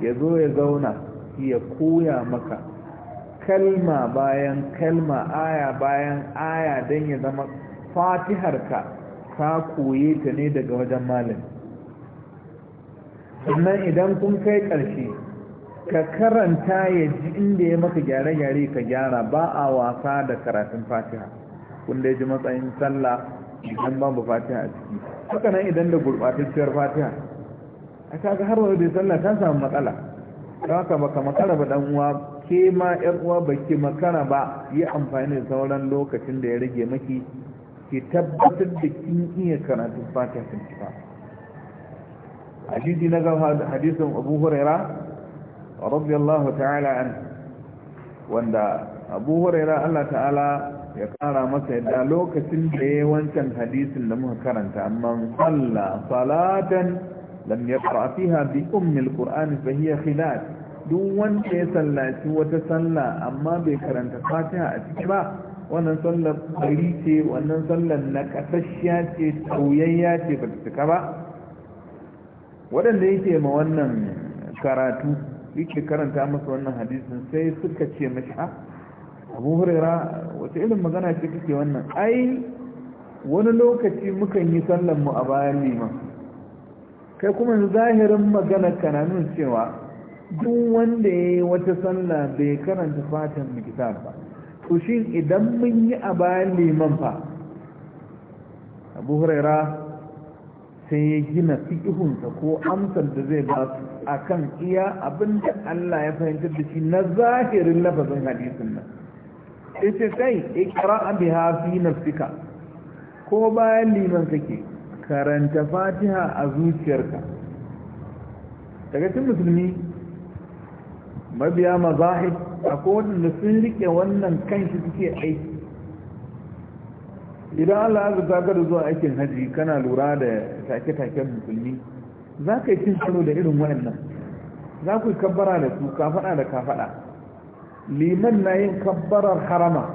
ya zo ya zauna ya koya maka kalma bayan kalma aya bayan aya don ya zama fatiharka ka koye ta ne daga wajen malami sannan idan kun kai ƙarshe ka karanta ya ji inda ya maka gyare-gyare ka gyara ba a wasa da karatun fatiha kun da ji matsayin sallah idan babu fatiha a ciki haka nan idan da gurɓatacciyar fatiha a kaga har wani bai sallah ta samu matsala don haka baka makara ba dan uwa ke ma yan uwa ba ke makara ba yi amfani da sauran lokacin da ya rage maki ki tabbatar da kin iya karatun fatiha kan ki hadisi na gaba hadisin abu huraira radiyallahu ta'ala an wanda abu huraira Allah ta'ala ya ƙara masa yadda lokacin da ya wancan hadisin da muka karanta amma salla salatan lam yaqra fiha bi ummi alquran fa hiya khilaf duk wanda ya sallaci wata salla amma bai karanta fatiha a ciki ba wannan sallar bari ce wannan sallar nakasashiya ce tauyayya ce ba cika ba waɗanda yake ma wannan karatu yake karanta masa wannan hadisin sai suka ce mashi ah, abu hurera wata irin magana ce kake wannan ai wani lokaci mukan yi mu a bayan liman kai kuma zahirin magana kana nun cewa duk wanda ya yi wata sallah bai karanta fatan mikitar ba to shi idan mun yi a bayan liman fa abu hurera sai ya gina fikihunsa ko amsar da zai ba su a kan iya abinda allah ya fahimtar da shi na zahirin lafazin hadisin nan ita kai ikra biha fi nafsika ko bayan liman kake karanta fatiha a zuciyarka daga cikin musulmi mabiya mazahib akwai da sun rike wannan kanshi suke aiki idan allah ya zaga da zuwa aikin haji kana lura da take-taken musulmi za ka yi cin da irin wannan za ku yi kabbara da su kafaɗa da kafaɗa liman na yin kabbarar harama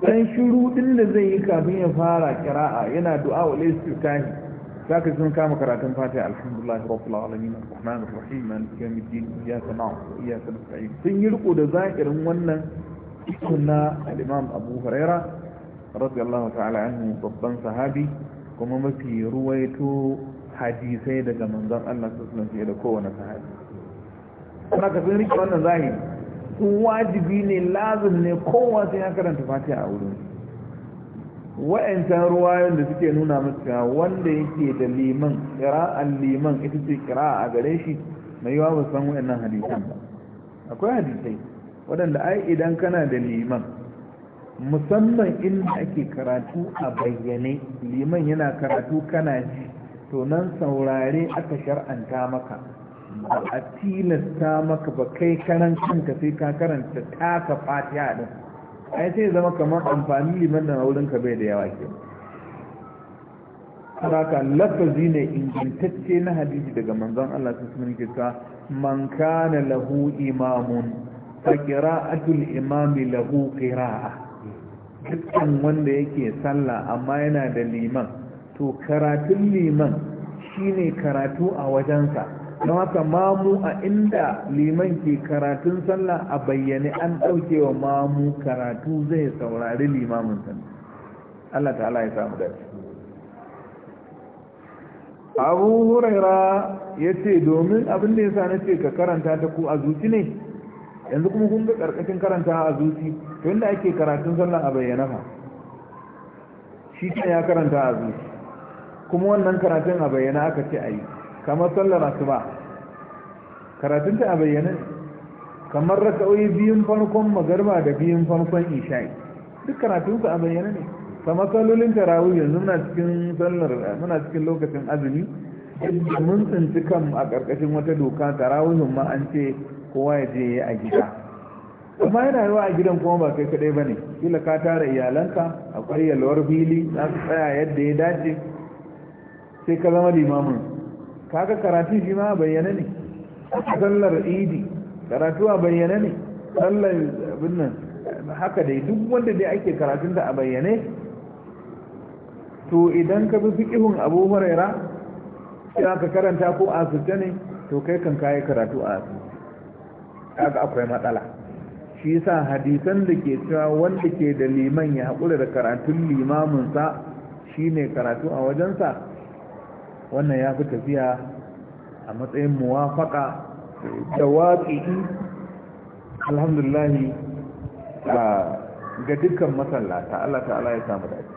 dan shiru din da zai yi kafin ya fara kira'a yana du'a wa laisutahi zaka sun kama karatun fatiha alhamdulillah rabbil alamin arrahman arrahim maliki yawmiddin iyyaka na'budu wa iyyaka nasta'in sun yi riko da zakirin wannan sunna al-imam abu huraira radiyallahu ta'ala anhu babban sahabi kuma mafi ruwaito hadisai daga manzon Allah sallallahu alaihi wasallam da kowane sahabi kuma ka sun rike wannan zahiri wajibi ne lazim ne kowa sai ya karanta fatiha a wurin wa'ancan ruwayoyin da suke nuna musu cewa wanda yake da liman kira'an liman ita ce kira'a a gare shi mai yawa ba san wa'annan hadisan ba akwai hadisai waɗanda ai idan kana da liman musamman in ake karatu a bayyane liman yana karatu kana ji to nan saurare aka shar'anta maka a tilasta maka ba kai karan kanka sai ka karanta taka fatiha din ai sai zama kamar amfani liman da wurin ka bai da yawa ke haka lafazi ne ingantacce na hadisi daga manzon Allah su sun ke ta man kana lahu imamun fa qira'atul imami lahu qira'a dukkan wanda yake sallah amma yana da liman to karatun liman shine karatu a wajensa don haka mamu a inda liman ke karatun sallah a bayyane an wa mamu karatu zai saurari limamin sallah Allah ta'ala ya samu dace abu huraira ya ce domin abin da ya sa na ce ka karanta ta ku a zuci ne yanzu kuma kun ga karkashin karanta a zuci to inda ake karatun sallah a bayyana fa shi ya karanta a zuci kuma wannan karatun a bayyana aka ce a yi kamar sallar asuba karatun ta a bayyana kamar raka'oyi biyun farkon magarba da biyun farkon isha'i duk karatun su a bayyana ne kamar sallolin tarawih yanzu muna cikin sallar muna cikin lokacin azumi mun tsinci kan a ƙarƙashin wata doka tarawihin ma an ce kowa ya je a gida amma yana yawa a gidan kuma ba kai kaɗai ba ne kila ka tara iyalanka akwai yalwar fili za su tsaya yadda ya dace sai ka zama limamin kaga karatu shi ma bayyana ne sallar idi karatu a bayyana ne sallar binnan haka dai duk wanda dai ake karatun da a bayyane to idan ka bi fiƙihun abu huraira sai aka karanta ko a ne to kai kan kayi karatu a kaga akwai matsala shi yasa hadisan da ke cewa wanda ke da liman ya haƙura da karatun limaminsa shine karatu a wajensa wannan ya fi tafiya a matsayin muwafaka da waƙi alhamdulillah ga dukkan masallata Allah ta'ala ya samu dace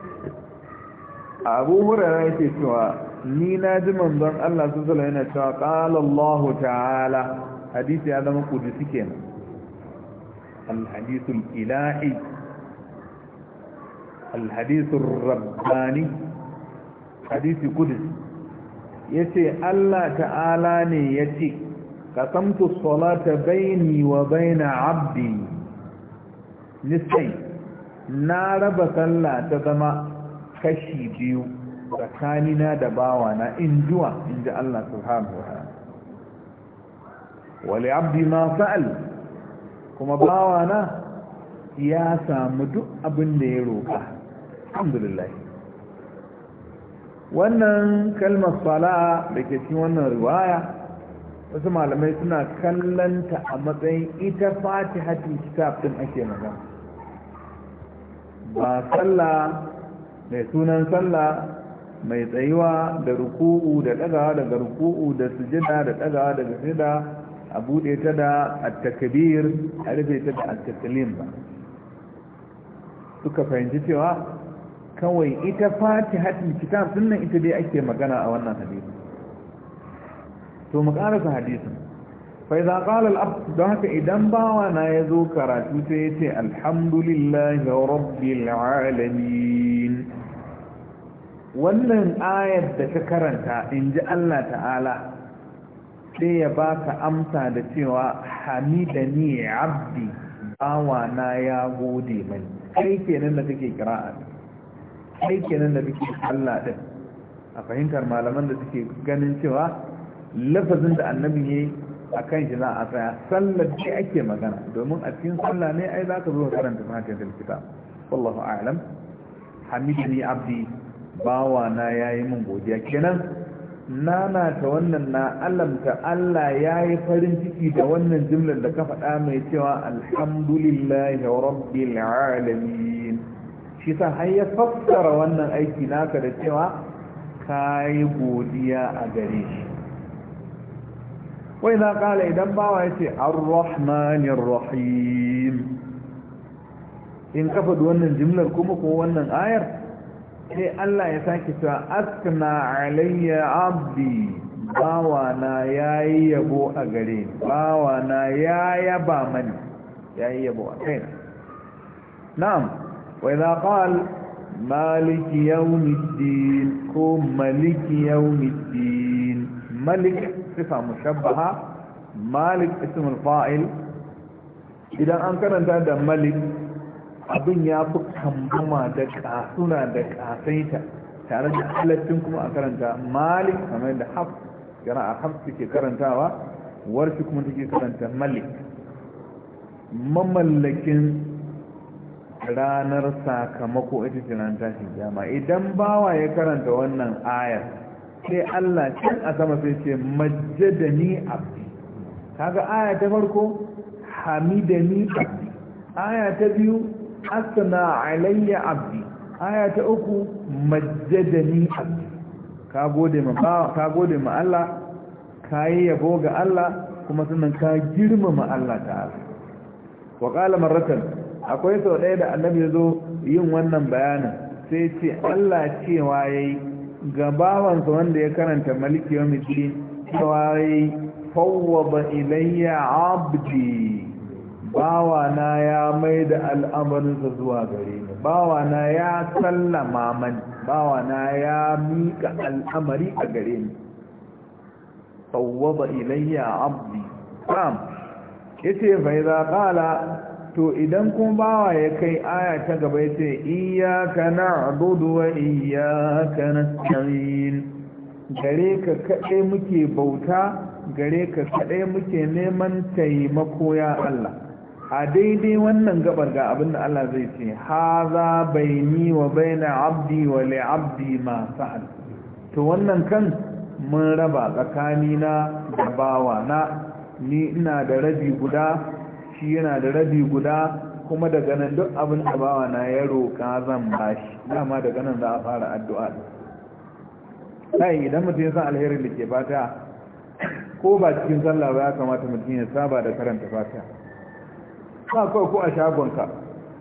abu hurara yake cewa ni na ji manzon Allah su zala yana cewa ƙala ta'ala hadisi ya zama kudu suke nan alhadisul ilahi alhadisul rabbani hadisi kudu ya ce Allah ta'ala ne ya ce kasamtu salata baini wa baina abdi nisai na raba sallah ta zama kashi biyu tsakanina da na, in juwa in ji Allah subhanahu wa ta'ala abdi ma sa'al kuma bawana ya samu duk abin da ya roƙa alhamdulillah wannan kalmar sala'a da ke cikin wannan riwaya wasu malamai suna kallanta a matsayin ita fatihatul kitab din ake magana ba sallah mai sunan sallah mai tsayuwa da ruku'u da dagawa daga ruku'u da sujida da dagawa da sujida a bude ta da at-takbir a rufe ta da at-taslim ba suka fahimci cewa kawai ita fati fatihatul kitab dinnan ita dai ake magana a wannan hadisi to mu karasa hadisin fa idza qala al-abd don haka idan bawa na yazo karatu sai yace alhamdulillahi rabbil alamin wannan ayar da ka karanta inji Allah ta'ala sai ya baka amsa da cewa hamidani abdi bawa na ya gode mai kai kenan da kake kira'a kai kenan da muke sallah din a fahimtar malaman da suke ganin cewa lafazin da annabi yayi a kan shi za a tsaya sallar ce ake magana domin a cikin sallah ne ai za ka zo karanta fatihatul kitab wallahu hamidu ni abdi bawa na yayi min godiya kenan na ta wannan na alamta Allah ya yi farin ciki da wannan jimlar da ka faɗa mai cewa alhamdulillahi rabbil alamin shi sa har ya fassara wannan aiki naka da cewa ka yi godiya a gare shi wai na kala idan bawa ya ce ar rahim in kafa da wannan jimlar kuma ko wannan ayar sai Allah ya sake cewa askna alayya abdi bawa na yayi yabo a gare bawa na ya yaba mani yayi yabo a kaina na'am وإذا قال مالك يوم الدين كو ملك يوم الدين ملك صفة مشبهة مالك اسم الفائل إذا أنكر أن هذا ملك abin ya fi kambama da kasuna da kasaita tare da halattun kuma a karanta malik kamar da haf yana a haf suke karantawa warshi kuma take karanta malik mamallakin ranar sakamako ita ce ran tashin kiyama idan bawa ya karanta wannan ayar sai Allah cin a sama sai ce majjadani abdi kaga aya ta farko hamidani abdi aya ta biyu asna alayya abdi aya ta uku majjadani abdi ka gode ma bawa ka gode ma Allah ka yi yabo ga Allah kuma sannan ka girmama Allah ta'ala wa qala marratan akwai sau ɗaya da annabi ya zo yin wannan bayanin sai ce allah cewa ya yi gabawansa wanda ya karanta maliki wa mitri cewa ya yi fawwaba ilayya abdi bawana ya mai da al'amarinsa zuwa gare ni bawana ya sallama bawa bawana ya miƙa al'amari a gare ni fawwaba ilayya abdi sam yace fa kala. to idan kuma bawa ya kai aya ta gaba ya ce iyaka na'budu wa iyaka tsarin gare ka kaɗai muke bauta gare ka kaɗai muke neman taimako ya Allah a daidai wannan gabar ga abinda Allah zai ce haza ni wa baina abdi wa abdi ma sa'ad? to wannan kan mun raba tsakanina da bawa na ni ina da rabi guda shi yana da rabi guda kuma daga nan duk abin da bawa na ya roƙa zan bashi dama daga nan za a fara addu'a sai idan mutum ya san alherin da ke fata ko ba cikin sallah ba ya kamata mutum ya saba da karanta fata ba kawai ko a shagonka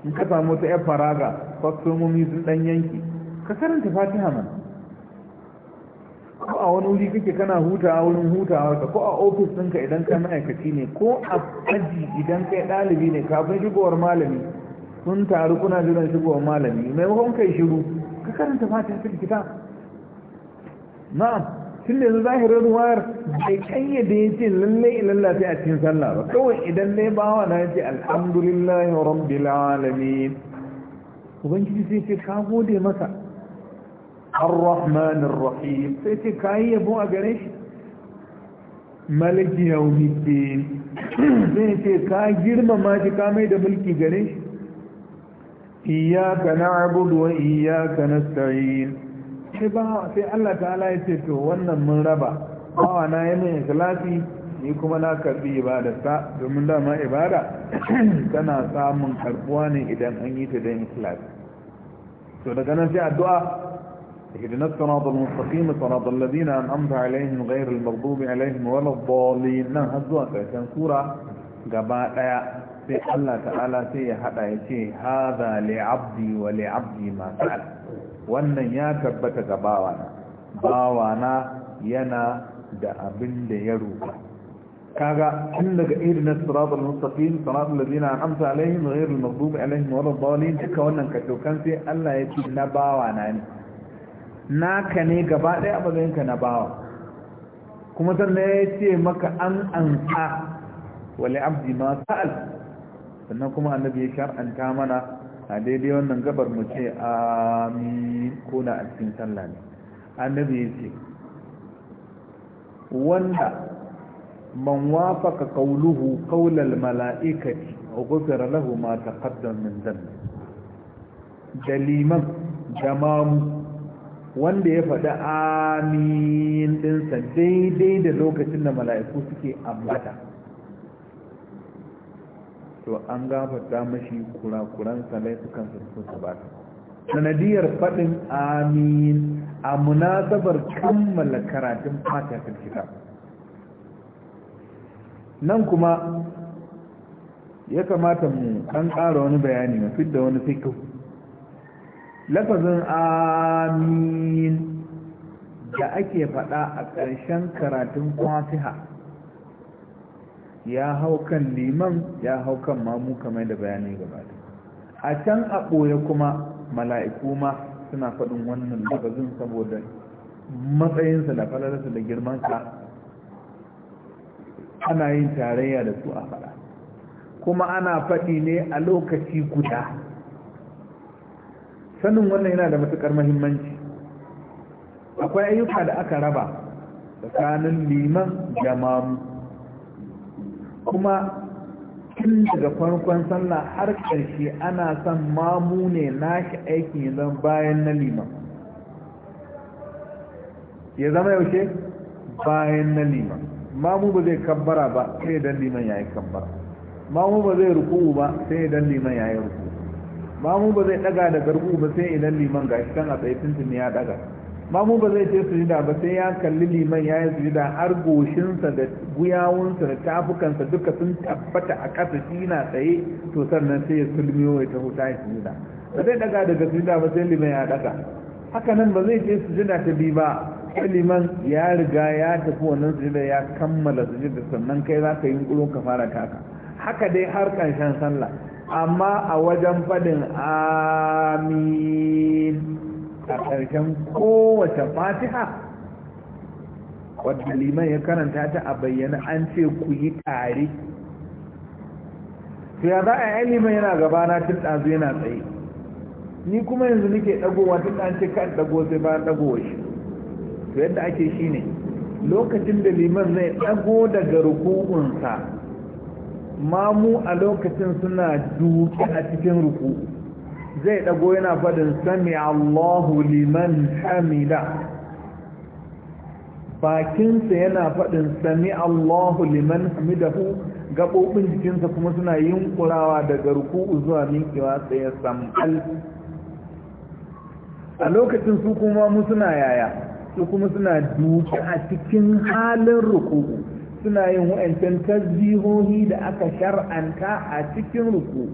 in ka samu ta yar faraga kwastomomi sun dan yanki ka karanta fatiha mana ko a wani wuri kake kana hutawa wurin hutawa ka ko a ofis ɗinka idan ka ma'aikaci ne ko a aji idan kai ɗalibi ne kafin shigowar malami sun taru kuna jiran shigowar malami maimakon kai shiru ka karanta fatan ta likita na'am tun da yanzu zahirin ruwayar bai kayyade ya ce lallai ilalla sai a cikin sallah ba kawai idan dai bawa na ce alhamdulillahi rabbil alamin ubangiji sai ce ka gode masa الرحمن الرحيم سيتكاية بو أغريش ملك يوم ka girmama جرم ما تكامي دا ملكي غريش إياك نعبد وإياك نستعين ba sai Allah ta'ala ya ce to wannan mun raba bawa na yi min ikhlasi ni kuma na karbi ibadarsa domin dama ibada [clears throat] tana samun karbuwa ne idan an yi ta don ikhlasi to daga nan sai addu'a اهدنا الصراط المستقيم صراط الذين أنعمت عليهم غير المغضوب عليهم ولا الضالين نعم، هذا كان سورة غباء في الله تعالى سي هذا يتي هذا لعبدي ولعبدي ما سأل وأن يا تبت غباوانا غباوانا ينا دا أبن يروك كاغا إن لك إيرنا الصراط المستقيم صراط الذين أنعمت عليهم غير المغضوب عليهم ولا الضالين كونا كتوكنتي الله يتي نباوانا يعني naka ne gaba ɗaya a matsayinka na bawa kuma sannan ya ce maka an ansa wale abdi ma sa'al sannan kuma annabi ya shar'anta mana a daidai wannan gabar mu ce amin ko na a cikin sallah ne annabi ya ce wanda man wafaka kauluhu kaulal mala'ikati ghufira lahu ma taqaddama min dhanbi daliman jama'u. wanda ya faɗi amin daidai da lokacin da mala'iku suke ambata to an gafarta mashi kurakuransa laifukan su ba sanadiyar faɗin amin a munasabar kammala karatun fatakin kitab nan kuma ya kamata mu ɗan ƙara wani bayani mafi da wani ka. lafazin amin da ake faɗa a ƙarshen karatun kwafiha ya hau kan liman ya hau kan mamu kamar da bayanai gabata a can a ɓoye kuma mala'iku ma suna faɗin wannan lafazin saboda matsayinsa da falalarsa da girmansa ana yin tarayya da su a faɗa kuma ana faɗi ne a lokaci guda sanin wannan yana da matuƙar mahimmanci akwai ayyuka da aka raba tsakanin liman da mamu kuma tun daga farkon sallah har ƙarshe ana son mamu ne shi aikin ya zama bayan na liman ya zama yaushe bayan na liman mamu ba zai kabbara ba sai dan liman ya yi kabbara mamu ba zai ruku ba sai dan liman ya yi ruku mamu ba zai daga da garbu ba sai idan liman ga shi kan a tsaye tuntun ya daga mamu ba zai ce sujida ba sai ya kalli liman ya yi sujida har goshinsa da guyawunsa da tafukansa duka sun tabbata a ƙasa shi na tsaye to sannan sai ya sulmiyo ya taho ta yi sujida ba zai daga daga sujida ba sai liman ya daga haka nan ba zai ce sujida ta bi ba sai liman ya riga ya tafi wannan sujida ya kammala sujida sannan kai za ka yi ƙulon ka fara taka haka dai har ƙarshen sallah amma a wajen faɗin amin a ƙarshen kowace fatiha wadda liman ya karanta ta a bayyana an ce ku yi tare to ya za a yi liman yana gabana cin ɗazu yana tsaye ni kuma yanzu nake ɗagowa tun an ce kan ɗago sai bayan ɗagowa shi to yadda ake shi ne lokacin da liman zai ɗago daga rukunsa mamu a lokacin suna duke a cikin ruku zai dago yana faɗin sami Allahu liman hamida bakinsa yana faɗin sami Allahu liman hamidahu gaɓoɓin jikinsa kuma suna yin yunkurawa daga ruku zuwa minkewa tsaye sam'al a lokacin su kuma mu suna yaya su kuma suna duki a cikin halin ruku suna yin wa'ancan tasbihohi da aka shar'anta a cikin ruku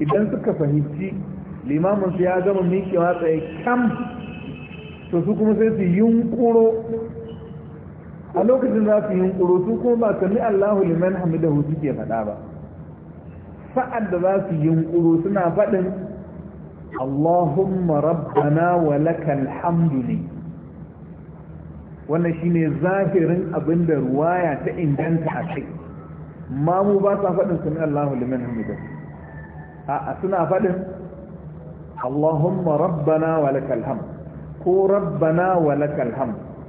idan suka fahimci limamin su ya gama mikewa tsaye kam to su kuma sai su yunkuro a lokacin za su yin ƙuro su kuma ba sami Allahu liman hamidahu suke faɗa ba sa'ad da za su yin ƙuro suna faɗin Allahumma rabbana wa lakal hamdu wannan shine zahirin abin da ruwaya ta inganta a kai ma mu ba sa faɗin sami Allahu liman hamida a suna faɗin Allahumma rabbana wa lakal ko rabbana wa lakal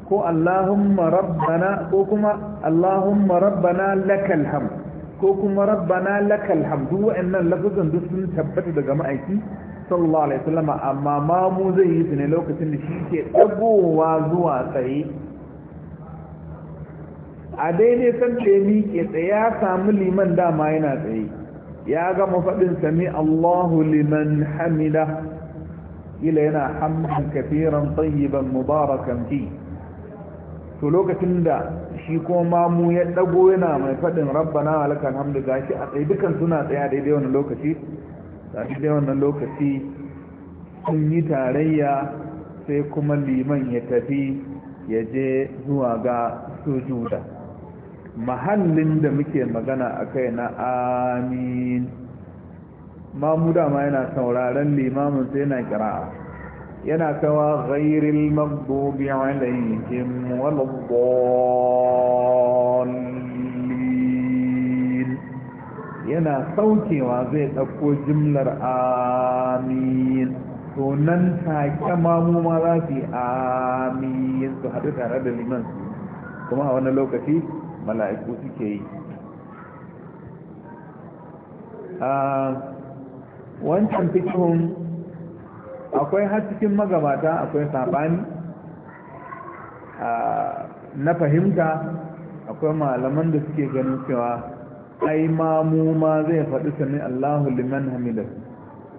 ko Allahumma rabbana ko kuma Allahumma rabbana lakal hamd ko kuma rabbana lakal hamd duk wa'annan duk sun tabbata daga ma'aiki sallallahu alaihi wasallam amma ma mu zai yi su ne lokacin da shi ke dagowa zuwa tsaye a daidai san da ya miƙe tsaye ya samu liman dama yana tsaye ya gama faɗin sami Allahu liman hamida ila yana hamdan kafiran tsayiban mubarakan fi to lokacin da shi kuma mamu ya ɗago yana mai faɗin rabbana lakal hamdu gashi a tsaye dukan suna tsaye a daidai wannan lokaci a daidai wannan lokaci sun yi tarayya sai kuma liman ya tafi ya je zuwa ga sujuda mahallin da muke magana a kai na amin mamuda ma yana sauraron limamin sai yana kira'a yana kawa ghairil maghdubi alaihim waladdallin yana saukewa zai ɗauko jimlar amin to nan take mamu ma za su amin su haɗu tare da liman kuma a wani lokaci mala'iku suke yi a wancan fikihun akwai har cikin magabata akwai saɓani na fahimta akwai malaman da suke ganin cewa ai mu ma zai faɗi sami allahu liman hamidu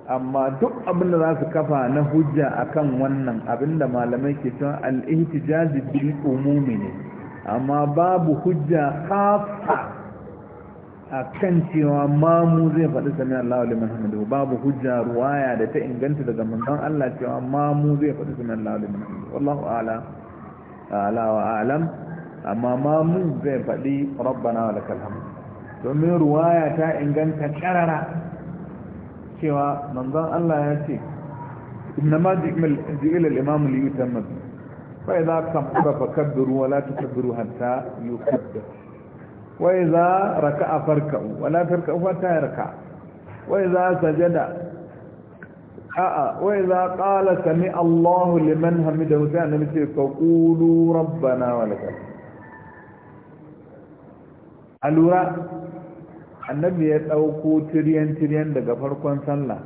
amma duk abin da za su kafa na hujja akan wannan abinda malamai ke cewa al-ihtijazi bil umumi ne amma babu hujja kafa a kan cewa mamu zai faɗi sami Allah wa liman hamadu babu hujja ruwaya da ta inganta daga manzon Allah cewa mamu zai faɗi sami Allah wa liman hamadu wallahu ala ala wa alam amma mamu zai faɗi rabbana wa lakal hamd domin ruwaya ta inganta karara cewa manzon Allah ya ce inna ma ji'il al-imam li yutamma فإذا كبر فكبروا ولا تكبروا حتى يكبر وإذا ركع فركعوا ولا تركعوا حتى يركع وإذا سجد وإذا قال سمع الله لمن حمده سعنا مثل فقولوا ربنا ولك الورا النبي ya تريان تريان tiriyan daga صلى الله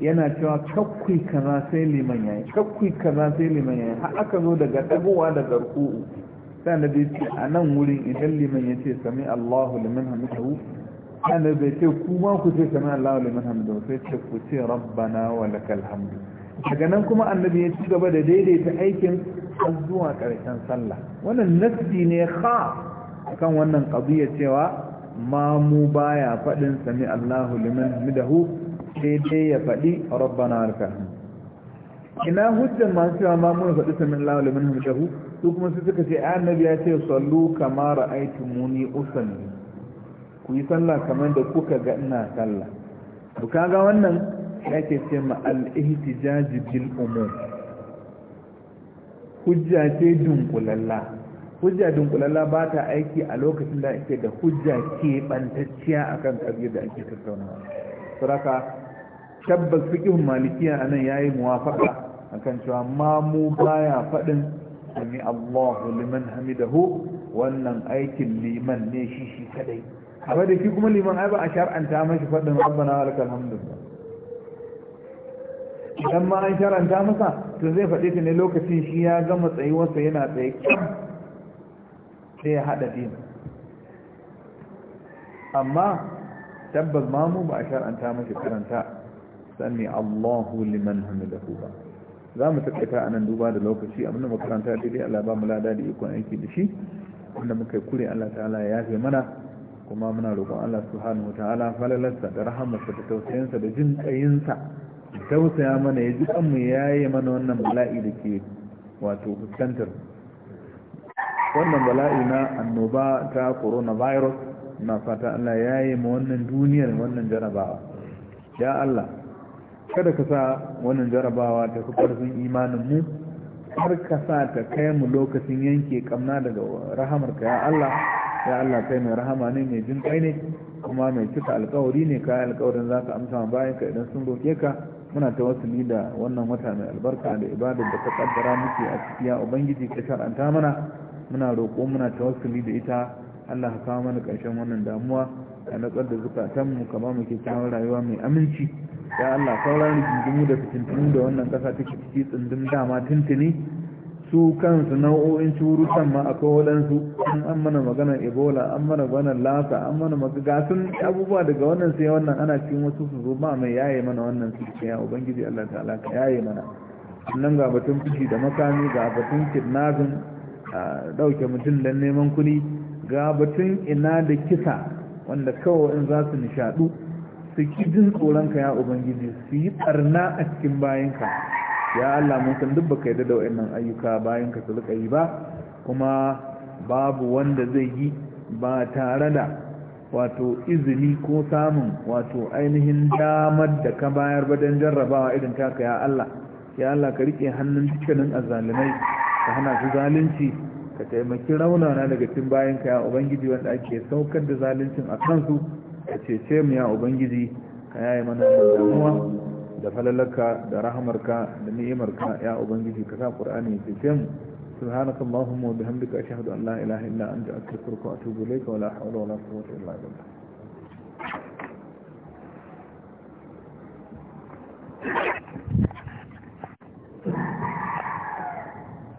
yana cewa kakkui kaza sai liman yayi kakkui kaza sai liman yayi har aka zo daga dagowa da ruku'u sai annabi ce a nan wurin idan liman ya ce sami Allahu liman hamidahu sai bai ce ku ma ku ce sami Allahu liman hamidahu sai ce ku ce rabbana wa lakal hamdu daga nan kuma annabi ya ci gaba da daidaita aikin har zuwa karshen sallah wannan nasbi ne kha akan wannan qadiyya cewa ma mu baya fadin sami Allahu liman hamidahu sai dai ya faɗi rabbana alka ina hujjar masu cewa ma muna faɗi samin lalata min hamdahu su kuma su suka ce annabi ya ce sallu kama ra'aitu muni usalli ku yi sallah kamar da kuka ga ina sallah ku kaga wannan ya ke ce ma al bil umur hujja ce dunkulalla hujja dunkulalla ba ta aiki a lokacin da ake da hujja ke bantacciya akan kabir da ake tattaunawa saraka tabbas fiqhun malikiya anan yayi muwafaqa akan cewa ma mu baya faɗin sami Allahu liman hamidahu wannan aikin liman ne shi shi kadai amma da shi kuma liman ai ba a shar'anta mashi fadin rabbana walakal hamdu idan ma an shar'anta masa to zai faɗi ta ne lokacin shi ya gama tsayuwarsa yana tsaye sai ya haɗa din amma tabbas mamu ba a shar'anta mashi karanta sami Allahu liman hamidahu ba za mu takaita anan duba da lokaci a da makaranta daidai Allah ba mu lada da ikon aiki da shi wanda muka kure Allah ta'ala ya yafe mana kuma muna roƙon Allah subhanahu ta'ala falalarsa da rahamarsa da tausayinsa da jin tsayinsa tausaya mana ya ji kanmu ya yi mana wannan bala'i da ke wato fuskantar wannan bala'i na annoba ta coronavirus na fata Allah ya yi ma wannan duniyar wannan jarabawa ya Allah kada ka sa wannan jarabawa ta fi ƙarfin imanin mu har ka sa ta kai mu lokacin yanke kamna daga rahamarka ya Allah ya Allah kai mai rahama ne mai jin kai ne kuma mai cika alkawari ne kai alkawarin za ka amsa bayan ka idan sun roke ka muna ta wasuli da wannan wata mai albarka da ibadar da ta kaddara muke a cikiya ubangiji ka shar'anta mana muna roƙo muna ta wasuli da ita Allah ka kawo mana ƙarshen wannan damuwa a natsar da zukatanmu ka muke mu rayuwa mai aminci ya Allah sauran rigingimu da fitintunu da wannan kasa take ciki tsundum dama tuntuni su kansu nau'o'in curutan ma akwai waɗansu sun an mana magana ebola an mana gwana lasa an mana gasun abubuwa daga wannan sai wannan ana cikin wasu su zo ba mai yaye mana wannan su ce ya ubangiji Allah ta'ala ka yaye mana sannan ga batun fushi da makami ga batun kidnapping dauke mutum don neman kuni ga batun ina da kisa wanda kawai in za su nishaɗu su ki jin tsoronka ya ubangiji su yi ɓarna a cikin bayanka ya Allah mun san duk baka yadda da wayannan ayyuka bayanka su rika yi ba kuma babu wanda zai yi ba tare da wato izini ko samun wato ainihin damar da ka bayar ba don jarrabawa irin taka ya Allah ya Allah ka rike hannun dukkanin azzalumai ka hana su zalunci ka taimaki raunana daga cikin bayanka ya ubangiji wanda ake saukar da zaluncin a kansu ka cece mu ya ubangiji ka yaye mana damuwa da falalaka da rahamarka da ni'imarka ya ubangiji ka sa qur'ani ya cece mu subhanaka allahumma wa bihamdika ashhadu an la ilaha illa anta astaghfiruka wa atubu ilayka wa la hawla wa la quwwata illa billah